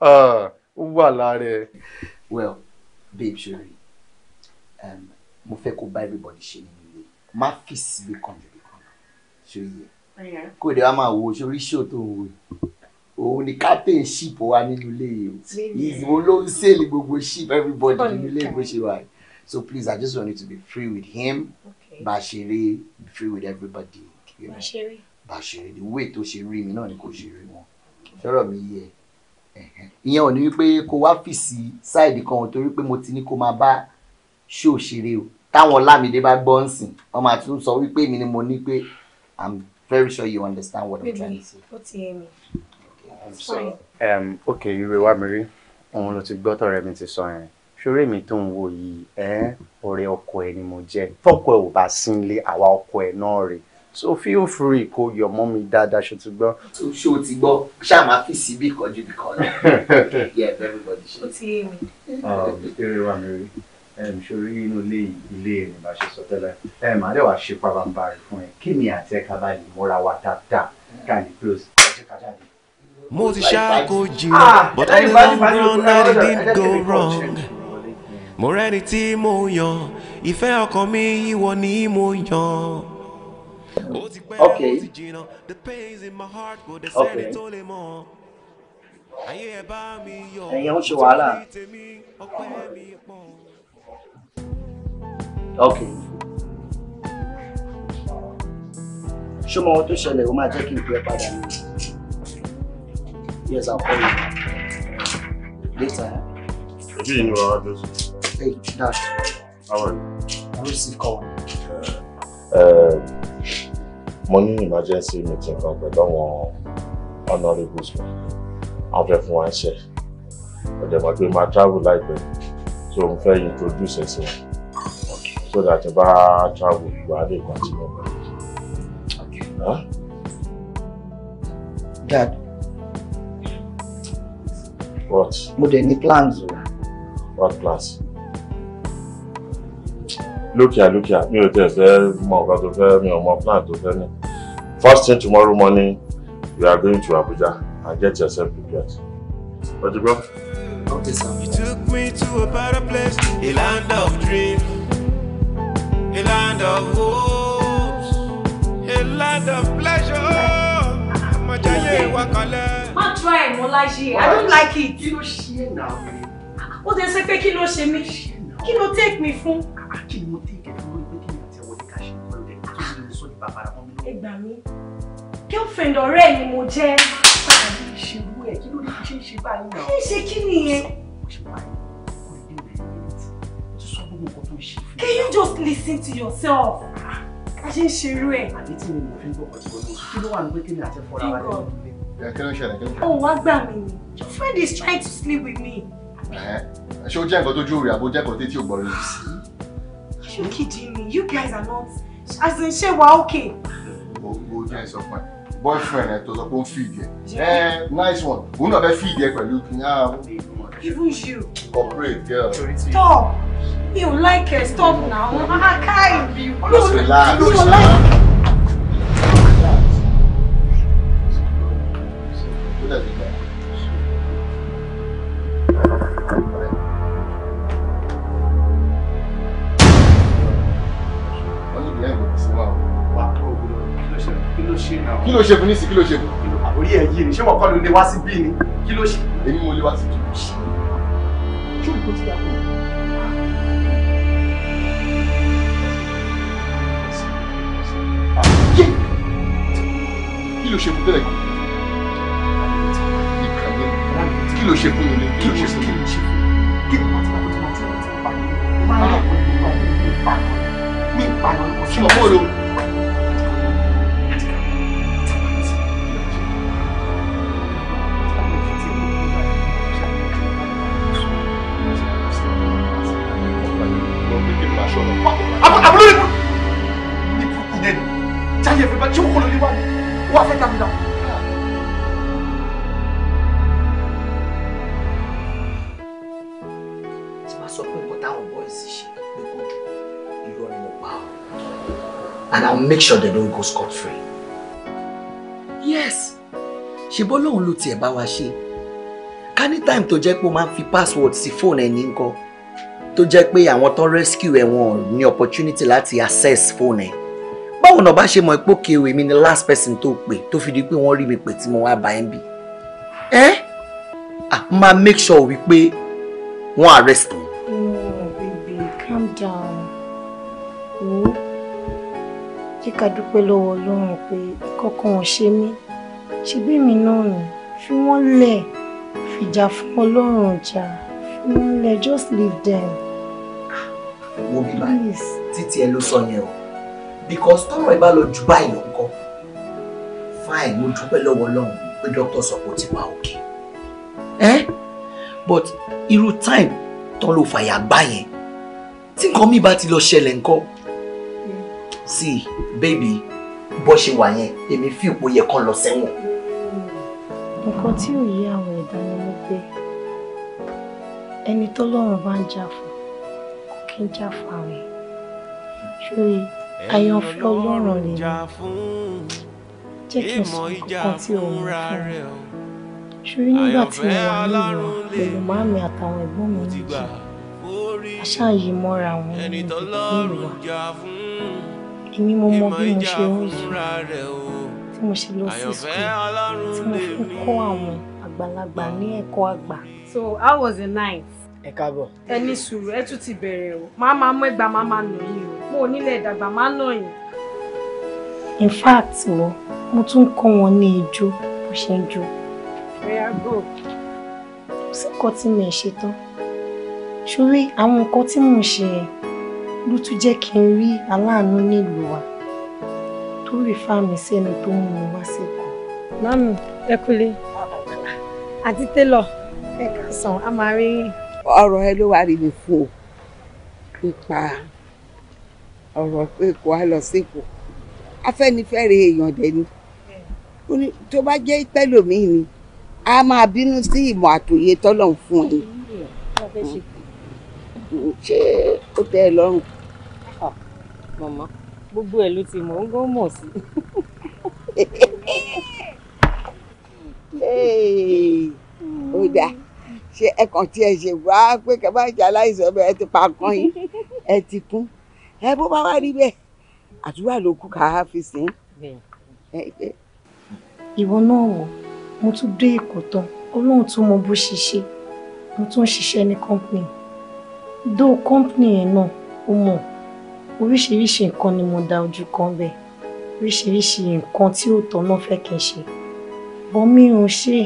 ó wà lára ẹ. well babe ṣe rí mo fẹ́ kó bá everybody ṣe ni má fi síbi kan lè kan ṣòye kó lè wá máa wo sórí ṣó tó ń wo òun ni captain ship wa nínú ilé yìí ìwọ ló ń sèlè gbogbo ship everybody nínú ilé bó ṣe wà so please i just want you to be free with him bàṣẹrẹ be free with everybody bàṣẹrẹ the way tó ṣe rí mi náà ni kò ṣe rí wọn sọ̀rọ̀ mi yẹ ìyẹn ò ní wípé kó wá fìsì sáìdì kan torí pé mo ti ní kó máa bá ṣó ṣeré o táwọn Ọlámídé bá gbọ́ ń sìn wọ́n máa tún sọ wípé èmi ni mo ní pé i'm very sure you understand what i'm trying to say. ó ti yé mi. so um, okay ìwé wa mi rí òun ló ti gbọ́ tọ̀rẹ́ mi ti sọ yẹn ṣoré mi tó ń wò yìí ẹ ọ̀rẹ́ ọkọ ẹ ni mo jẹ́ fọ́kọ ẹ ò bá sí nílé àwa ọkọ ẹ náà rèé so feel free kó yọ mọ́ mi dáadáa ṣe ti gbọ́. ṣé o ti gbọ́ ṣáà máa fi síbí kan ju bí kan lọ. yeah everybody ṣe. ó ti yé mi. ọ̀ èrè wa mi rí ṣorí inú ilé ilé rìn bá ṣe sọ tẹ́lẹ̀ ẹ màá lè wá ṣe pàbàǹbarì fún ẹ kí mi àti ẹ̀ka bá múra wa dáadáa ká lè close ọjọ́ ká jáde. mo ti ṣáàkó jìnnà ah, but all the long run I didn't go wrong mo rẹ́ni tí mo yan ìfẹ́ ọkàn mi ìwọ ni mo yan. Okay. Okay. ẹ̀yin ó ṣe wàhálà. Okay. Ṣé mo ohun tó ṣẹlẹ̀ o máa jẹ́ kí n pè padà ní? Yes, I'll call you later. Ojú yìí ni wàá wá dúró. Hey, Dash. How are you? I will see call. Uh, mo ní emergency meeting kan pẹ̀lú àwọn honourables mi. Wọ́n fẹ́ fún wa ṣe. Ọ̀dẹ̀mọ̀ pé máa travel láìpẹ́. So mo fẹ́ introduce ẹ̀ so that ẹ bá travel wàá lè continue pẹ̀lú. Dad. What? Mo dẹ̀ ní plans What plans? Look here, look here, tẹ̀ fẹ́ mọ nǹkan tó fẹ́ mi ò mọ plan tó fẹ́ First thing tomorrow morning we are going to Abuja and get yourself prepared. Ọjọ́ bro? Okay, sir. You took me to a better place, a land of dreams a land of hopes, a land of pleasure. Majaye try ẹ̀ mọ́ I don't like it. Kí ló ṣe é náà? Ó ti ṣe pé kí ló ṣe mí? Kí ló take mi fún? Ah, kí ni mo take ẹ̀ fún kí ni àti ọwọ́ ní ká ṣe ìwọ́n tó ṣe lè sọ ní bàbá rẹ̀ mi Ẹ gbà mí, girlfriend ọ̀rẹ́ ni mo jẹ́. Báyọ̀ ní ìṣerú ẹ̀ kí ló ṣe ṣe báyìí náà? Kí ni ṣe kí nìyẹn? Ó ṣe báyìí. Can you just listen to yourself? I ṣe ń ṣerú ẹ̀. Àbí tí mi ò fi gbọ́ ọ̀tí gbọ́dọ̀ kí ló wà ní pé kí oh, ni share. fọ́ra wa lẹ́nu ilé? Kí Your friend is trying to sleep with me. Ṣé ó jẹ́ nǹkan tójú rẹ̀ àbó jẹ́ nǹkan tí ò gbọ́ rẹ̀? You kidding me? You guys are not. As in ṣé wa okay? Gbogbo jẹ́ of mine. boyfriend ẹ tó sọ pé ó feed eh, nice one òun náà fẹ́ feed ẹ pẹ̀lú kí n even you. Cooperate, girl. Stop. You like it. Stop now. I can't. You. Just relax. You like it. ṣe fún nísì ṣe fún. àbórí ẹ̀ yìí ni ṣé wọ́n kọ́ ló lè wá sí bí ni kí ṣe. èmi mo lè wá sí bí ojú mi kò ti dàpọ̀. kí ló ṣe fún tẹ́lẹ̀ kí ló ṣe fún mi kí ló ṣe fún mi. kí ló máa ti máa tó máa tó máa tó máa tó máa ń lọ fún mi nípa ìpànìyàn mi ìpànìyàn kò sí ọmọ olóhùn. and make sure they don't go scot free. yes she bolo ló tiẹ̀ bá wa ṣe ká time to jẹ́ pé ó fi password sí fóònù ẹni ńkọ́ tó jẹ́ pé àwọn tó rescue ẹ̀ wọn ní opportunity láti access fóònù ẹ̀ báwo náà bá ṣe mọ ipò kéwì mi ni last person to pè to fi di pé wọ́n rí mi pè tí mo wá bá ẹ̀ Eh? Ah, ma make sure wípé wọ́n arrest mi. jẹ́ ká dúpẹ́ lọ́wọ́ ọlọ́run pé kọ́kọ́ wọn ṣe mí ṣe bí mi náà nù fi wọ́n lẹ̀ fìjà fún ọlọ́run jà fi wọ́n lẹ̀ just leave them. wo bí ma títí ẹ ló sọ yẹn o because tọrọ ẹ bá lọ jù báyìí lọ kọ fine mo dúpẹ́ lọ́wọ́ ọlọ́run pé dókítà sọ pé ó ti wà òkè but irú time tán ló fàyà gbá yẹn tí nǹkan mi bá ti lọ ṣẹlẹ̀ nǹkan sí baby bó ṣe wà yẹn èmi fi ipò yẹ kán lọ sẹ́wọ̀n. nǹkan tí ò yé àwọn ẹ̀dá ni mo gbé ẹni tọ́lọ́run bá ń jà fún kò kí ń jà fún àwẹ̀ ṣóye àyànfẹ́ ọlọ́run ni jẹ́ kí n sọ nǹkan tí ò ń fún ọ ṣóye nígbà tí mo wà nílùú pẹ̀lú màmí àtàwọn ẹ̀gbọ́n mi méjì àṣà yìí mọ́ra wọn ní ìlú wa èmi mo mọ bí mo ṣe ń yí tí mo ṣe lọ sí school tí mo fi kọ́ àwọn àgbàlagbà ní ẹ̀kọ́ àgbà. so how was the night. ẹ káàbọ̀. ẹ ní sùúrù ẹ tún ti bẹ̀rẹ̀ o máa máa mú ẹgbàá máa máa nù yín o mo ò nílẹ̀ ìdàgbà máa nà yín. in fact mo mo tún kọ́ wọn ní ijó bó ṣe ń jó. rẹ́yà go. kò sí nǹkan tí mi ò ṣe tán ṣùgbọ́n àwọn nǹkan tí mò ń ṣe yẹn ló tún jẹ́ kí n rí aláàánú nílùú wa tó rí fáàmì sẹ́ni tó mú mi wá sí ẹ̀kọ́. Máàmù ẹkúlé àti télọ̀ ẹ̀ka sàn á máa rí yìn. Ọ̀rọ̀ ẹ ló wá rí mi fún o nípa ọ̀rọ̀ pé kò á lọ sí Èkó. Afẹ́nifẹ́re èèyàn dẹ̀ ni tó bá jẹ́ pẹ́lòmíì ni a máa bínú sí ìmọ̀ àtòyé tọ́lọ̀ ń fún ẹ. ṣé ó tẹ́ ẹ lọ́rùn? màmá gbogbo ẹ̀ ló ti mọ̀ ń gán mọ̀ sí. ó dáa ṣe ẹkàn tí ẹ ṣe wá pé kẹfà ìjà aláìsàn bẹ ẹ ti pa kan yín ẹ ti kún ẹ bó bá wà rí bẹ́ẹ̀ àdúrà ló kù ká fi sìn. ìwọ náà wò mo tún dé èkó tán ọlọ́run tún mọ bó ṣe ṣe mo tún ṣiṣẹ́ ní company dó company yẹn náà ó mọ̀ oríṣiríṣi nǹkan ni mo da ojú kan bẹ̀ oríṣiríṣi nǹkan tí ò tọ́ náà fẹ́ kí n ṣe bọ́ mi ò ṣe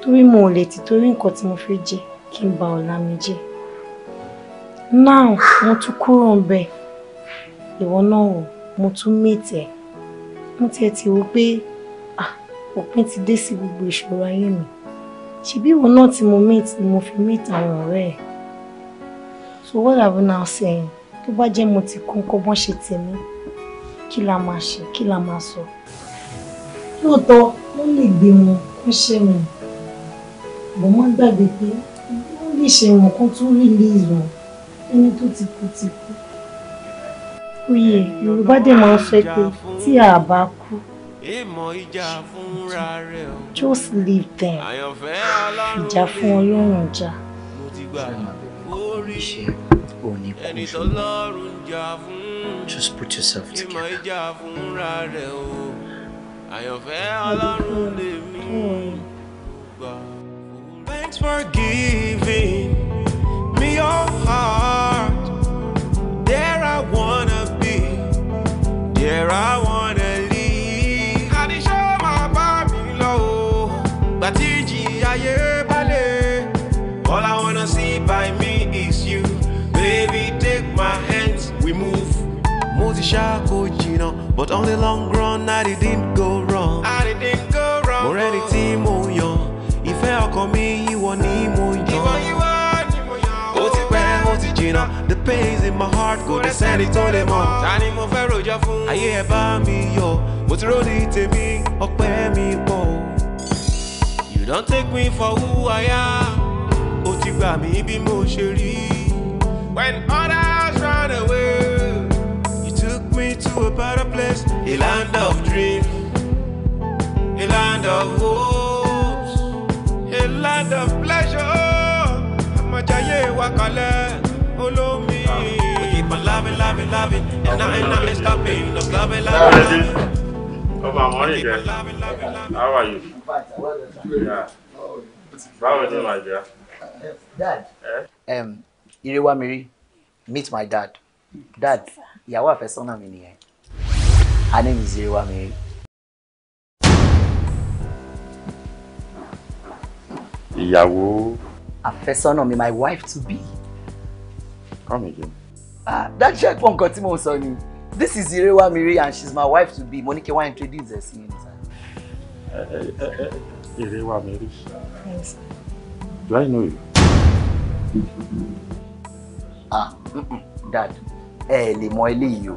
torí mo lè ti torí nǹkan tí mo fẹ́ jẹ kí n ba ọ̀la mi jẹ now mo tún kúrò ń bẹ̀ ìwọ náà o mo tún mètè mo tiẹ̀ ti wò pé òpin ti dé sí gbogbo ìṣòro ayé mi ṣebí ìwọ náà tí mo mètè ni mo fi mètè àwọn ọ̀rẹ́ ẹ̀ so what have you now saying tó bá jẹ́ mo ti kún kó bọ́n ṣe tèmi kí la máa ṣe kí la máa sọ lóòótọ́ wọ́n lè gbé wọn kó ṣe wọn bó má gbàgbé pé wọ́n lè ṣe wọn kó tún rí ilé ìwọ̀n ẹni tó ti kú ti kú oyè yorùbá dẹ̀ máa ń fẹ́ pé tí a bá kú just leave them ìjà fún ọlọ́run jà. just put yourself together. Thanks for giving me your heart. There I wanna be. There I wanna ṣá but on the long run na it didn't go wrong. I didn't go wrong. mo rẹ́ni tí mo yàn ìfẹ́ ọkàn mi ìwọ ni mo yàn. ìwọ ìwọ ni mo yàn. ó ti pẹ́ ó ti jìnnà the pains in my heart go to send it to mọ̀. ta ni mo fẹ́ rojọ́ fún. ayé ẹ bá me, yọ mo ti rò ní tèmi ọpẹ́ mi you don't take me for who I am. o ti gbà mí bí mo when others run away me to a better place, a land of dreams, a land of hopes, a land of pleasure. Amajaye wakale olomi. I keep on loving, loving, loving, and I ain't not stopping. Just loving, loving, loving. Oh, my morning, guys. How are you? Yeah. Báwo ni my dear? Dad. Eh? Um, Irewa Miri, meet my dad. Dad ìyàwó àfẹ́sọ́nà mi nìyẹn her name is Yerewa Mary. ìyàwó. àfẹ́sọ́nà mi my wife to be. come again. ah that check pọ̀ nǹkan tí mo sọ ni this is Yerewa Mary and she is my wife to be mo ní kí wá introduce ẹ sí mi níta. Eh, eh, eh, Yerewa do I know you. ah mm -mm, dad ẹ lè mọ eléyìí o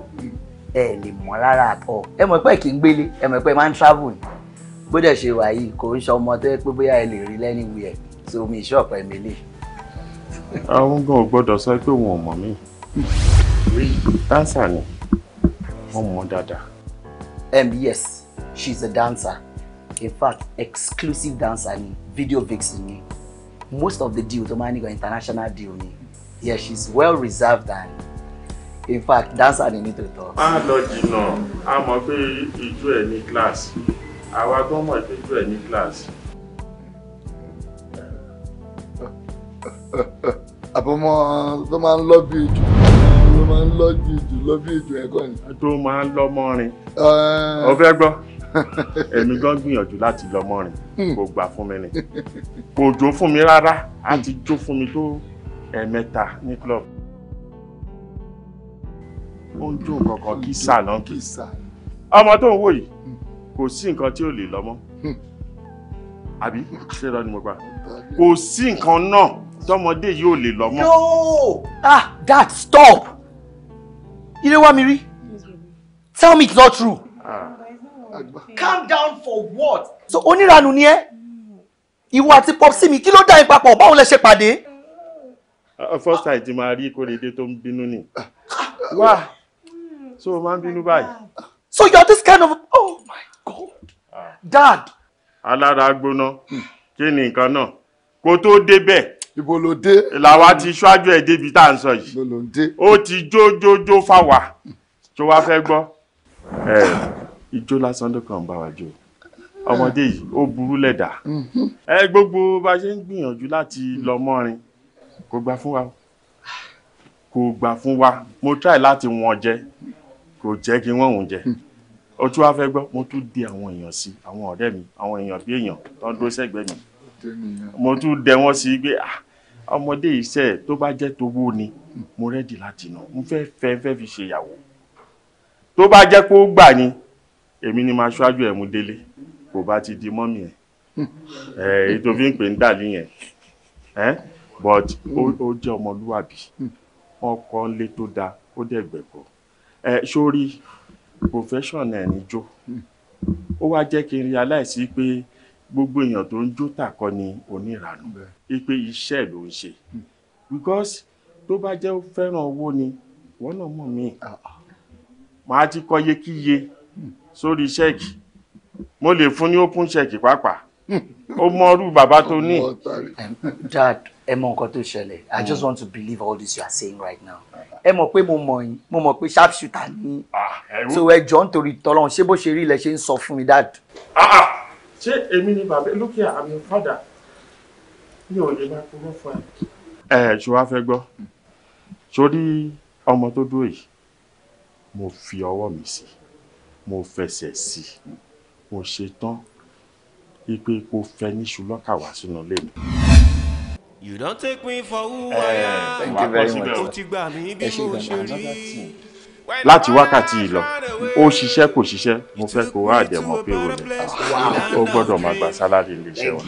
ẹ lè mọ lára àpọ ẹ mọ̀ pé kì í gbélé ẹ mọ̀ pé máa ń travel ni bó dẹ̀ ṣe wà yìí kò ń ṣe ọmọ tó yẹ pé bóyá ẹ lè rí lẹ́ni wí ẹ̀ tí omi ìṣe ọ̀pẹ mi lè. àwọn gan ò sọ pé òun ò mọ̀ mí dancer ni wọ́n mọ̀ dáadáa. um, yes she is a dancer in fact exclusive dancer ni video vixen ni most of the deal tó máa ń ní international deal ni yes she is well reserved and in fact dancer ni nítòótọ́. a lọ jìnnà a mọ̀ pé ijó ẹ̀ ní class àwa gan mọ̀ pé ijó ẹ̀ ní class. àbọ̀mọ́ ló máa ń lọ bí ijó ló máa ń lọ bí ijó lọ bí ijó ẹ̀kọ́ ni. tó máa ń lọ mọ́rin o fẹ́ gbọ́ èmi gan gbìyànjú láti lọ mọ́rin hmm. kò gbà fún mi ni kò jó fún mi rárá a ti jó fún mi tó ẹ̀ẹ̀mẹ́ta ní club ó ń jó nǹkan kan kí sà náà kì í sà ọmọ tó ń wò yìí hmm. kò sí nǹkan tí ò lè lọ́mọ́ hmm. àbí ṣé irọ́ ni mo pa kò sí nǹkan náà tọmọdé yìí ò lè lọ́mọ́. no ah dad stop ire wá mi rí tell me it's not true ah. calm down for what. so oníranu ni ẹ ìwọ àti popsi mi kí ló dá yín papọ̀ báwo lẹ ṣe pàdé. first time ti máa rí kórede tó ń bínú ni. Ah. wá so máa ń bínú oh báyìí. so you are this kind of oh my god ah. dad. alára gbóná hmm. kí ni nǹkan náà kó tó débẹ̀. ibo ló dé. làwa ti ṣáájú ẹ̀ débi tá à ń sọ yìí. ibo ló dé. ó ti jójójó fáwa tó wá fẹ́ gbọ́. ijó lásán ló kàn bá wa jó ọmọdé yìí ó burú lẹ́dà mm-hmm. ẹ gbogbo bá ṣe ń gbìyànjú láti lọ mọ́rin kò gbà fún wa kò gbà fún wa mo try láti wọ́n jẹ kò jẹ́ kí wọ́n òun jẹ hmm. ó tún wáá fẹ́ gbọ́ mo tún dé àwọn èèyàn sí àwọn ọ̀rẹ́ mi àwọn èèyàn bí èèyàn tó ń dúró sẹ́gbẹ̀ẹ́ mi mo tún dẹ wọ́n sí pé ah, ọmọdé iṣẹ́ tó bá jẹ́ tówó ni mo rẹ́dì láti nà mo fẹ́ fẹ́ fẹ́ fi ṣèyàwó tó bá jẹ́ pé ó gbà ni èmi ni màá ṣáájú ẹ̀ mú délé kò bá ti di mọ́mì ẹ̀ hmm. èyí tó fi ń pè ń dàlí yẹn but ó jẹ́ ọmọlúwàbí hmm. ọkọ ńlé tó dáa ó dẹ̀ gbẹ̀kọ́ ẹ sórí profession ẹ níjó ó wá jẹ́ kí n realize pé gbogbo èèyàn tó ń jó tàkọ́ ni oníranú pé iṣẹ́ ló ń ṣe because tó bá jẹ́ ó fẹ́ràn owó ni wọ́n náà mọ̀ mí màá ti kọ́ yekíye sórí ṣẹ́ẹ̀kì mo lè fún ní open ṣẹ́ẹ̀kì pàápàá ó mọrú bàbá tó ní. dad ẹ mọ nǹkan tó ṣẹlẹ̀ i just mm. want to believe all this you are saying right now ẹ mọ̀ pé mo mọ̀ yín mo mọ̀ pé sharp shooter ni ah, so ẹ jọ nítorí tọ́lọ́run ṣé bó ṣe rí ilẹ̀ ṣe ń sọ fún mi dad. Ah, ah. ṣé èmi ni bàbá lókè àmì fàdà mi ò lè máa kúrò fún ẹ. ẹ ṣó wá fẹ́ gbọ́ hmm. sórí ọmọ tó dúró yìí mo fi ọwọ́ mi sí mo fẹsẹ̀ sí mo ṣe tán ipe kò fẹ́ níṣu lọ́kà wá sínú ilé mi you don take me for who I eh, am. thank you very much. o ti gbà mí bí mo ṣe rí. láti wákàtí yìí lọ ó ṣiṣẹ́ kò ṣiṣẹ́ mo fẹ́ kó wá àdẹ̀mọ́ pé o rẹ̀ ah, ó gbọ́dọ̀ máa gba sálárì iléeṣẹ́ wa.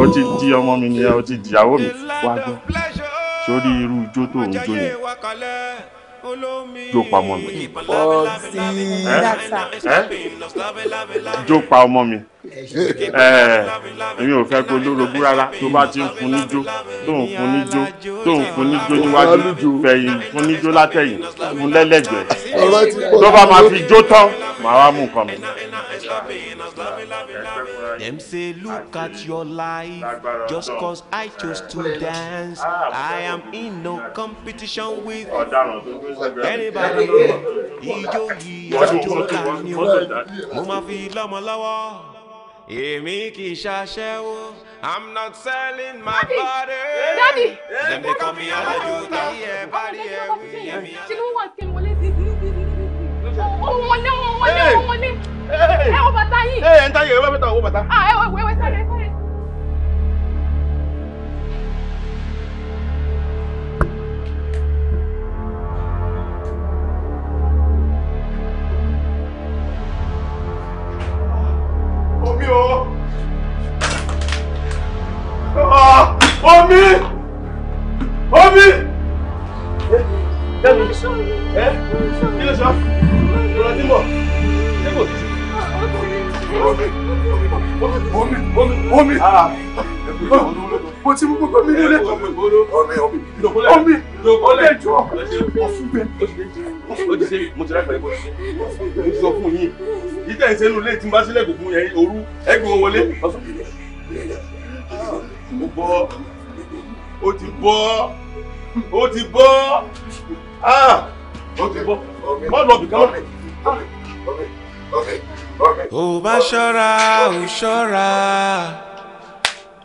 ó ti di ọmọ mi nìyẹn ó ti di ìyàwó mi wá gbọ́ sórí irú ijó tó ń jó yẹn jó pa ọmọ mi. jó pa ọmọ mi. èmi ò fẹ́ kó lórogún rárá tó bá ti ń fún níjó tó ń fún níjó tó ń fún níjó níwájú fẹ̀yìn fún níjó látẹ̀yìn fún lẹ́lẹ́gbẹ̀ẹ́ tó bá máa fi jó tán màá wá mú nǹkan mi. Them say, look at your life, just cause I chose to dance. I am in no competition with anybody. Ijó yìí àjò ńlá ni o, mo máa fi lọ́mọ lọ́wọ́. Èmi kì í ṣaṣẹ́wó. I'm not selling my Daddy. body. Daddy! Let me come here, you tell me everybody every year. Ṣé ló wà tí mo lé sí? Ọmọ ní ọmọ ní ọmọ ní ẹ wo bàtà yìí. ẹ ẹ ń táyé ẹ wá bẹ́tà owó bàtà. Ah, ẹ wọ ìwé ìwé sáré sáré. omi o ah, omi. múlẹ̀ omi omi omi omi ẹjọ ọfúnbẹ ọfúnbẹ mo sọ fún yín yìí tẹ̀ ń sẹ́nu lé tí n bá sílẹ̀ kò yẹn òru ẹgbẹ́ wọn wọlé ó bọ́ ó ti bọ́ ó ti bọ́ ó ti bọ́ bọ́ọ̀lù ọ̀bì kan lọ́pẹ́. ò bá ṣọ́ra ò ṣọ́ra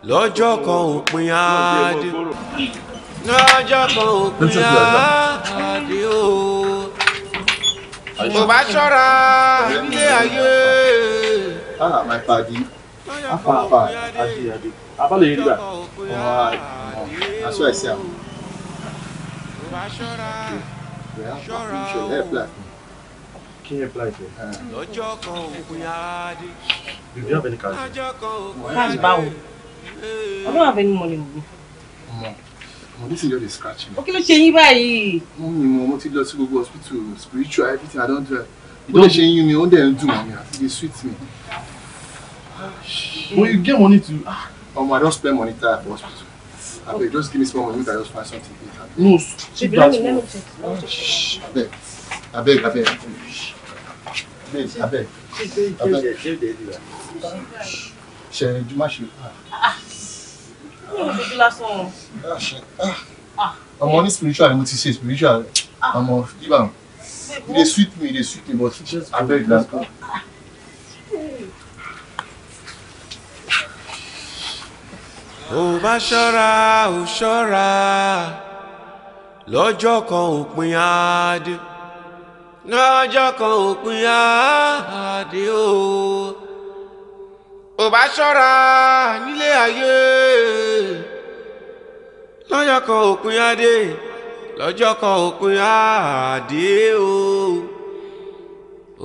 lọ́jọ́ kan òpin àdé lọ́jọ́ kan òpin àdé o mo bá ṣọ́ra ilé ayé. ah my padi afa afa aji ade abale yìí gbà aṣọ ẹsẹ àwọn. Can you apply for? Uh, Do you have any card? Card, bow. I don't have any money with me. Mom, mom, this is just a scratch. Ó kí ló ṣe yín báyìí? Mummy, mo mo ti lọ hospital, spiritual, everything, I don't do. You don't ṣe yín mi, ó dẹ̀ ń dùn mí, àti sweet me. Ah, But you get money to... Ah. Ọmọ, I don't spend money tire for hospital. Abeg, just give me small money I just find something to eat. No, keep that small. Abeg, abeg, abeg. Abeg, abeg. Shh ṣẹ̀rìn jù má ṣe pa. Ah. Ah. Ah. ọmọ ní spiritual ni mo ti ṣe spiritual ọmọ give am e dey sweet me e dey sweet me but abeg na. ò bá ṣọ́ra ò ṣọ́ra lọ́jọ́ kan òpin àádé lọ́jọ́ kan òpin àádé o. Oh ò bá ṣọ́ra nílé ayé lọ́jọ́ kan òpin adé lọ́jọ́ kan òpin àdé o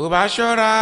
ò ṣọ́ra.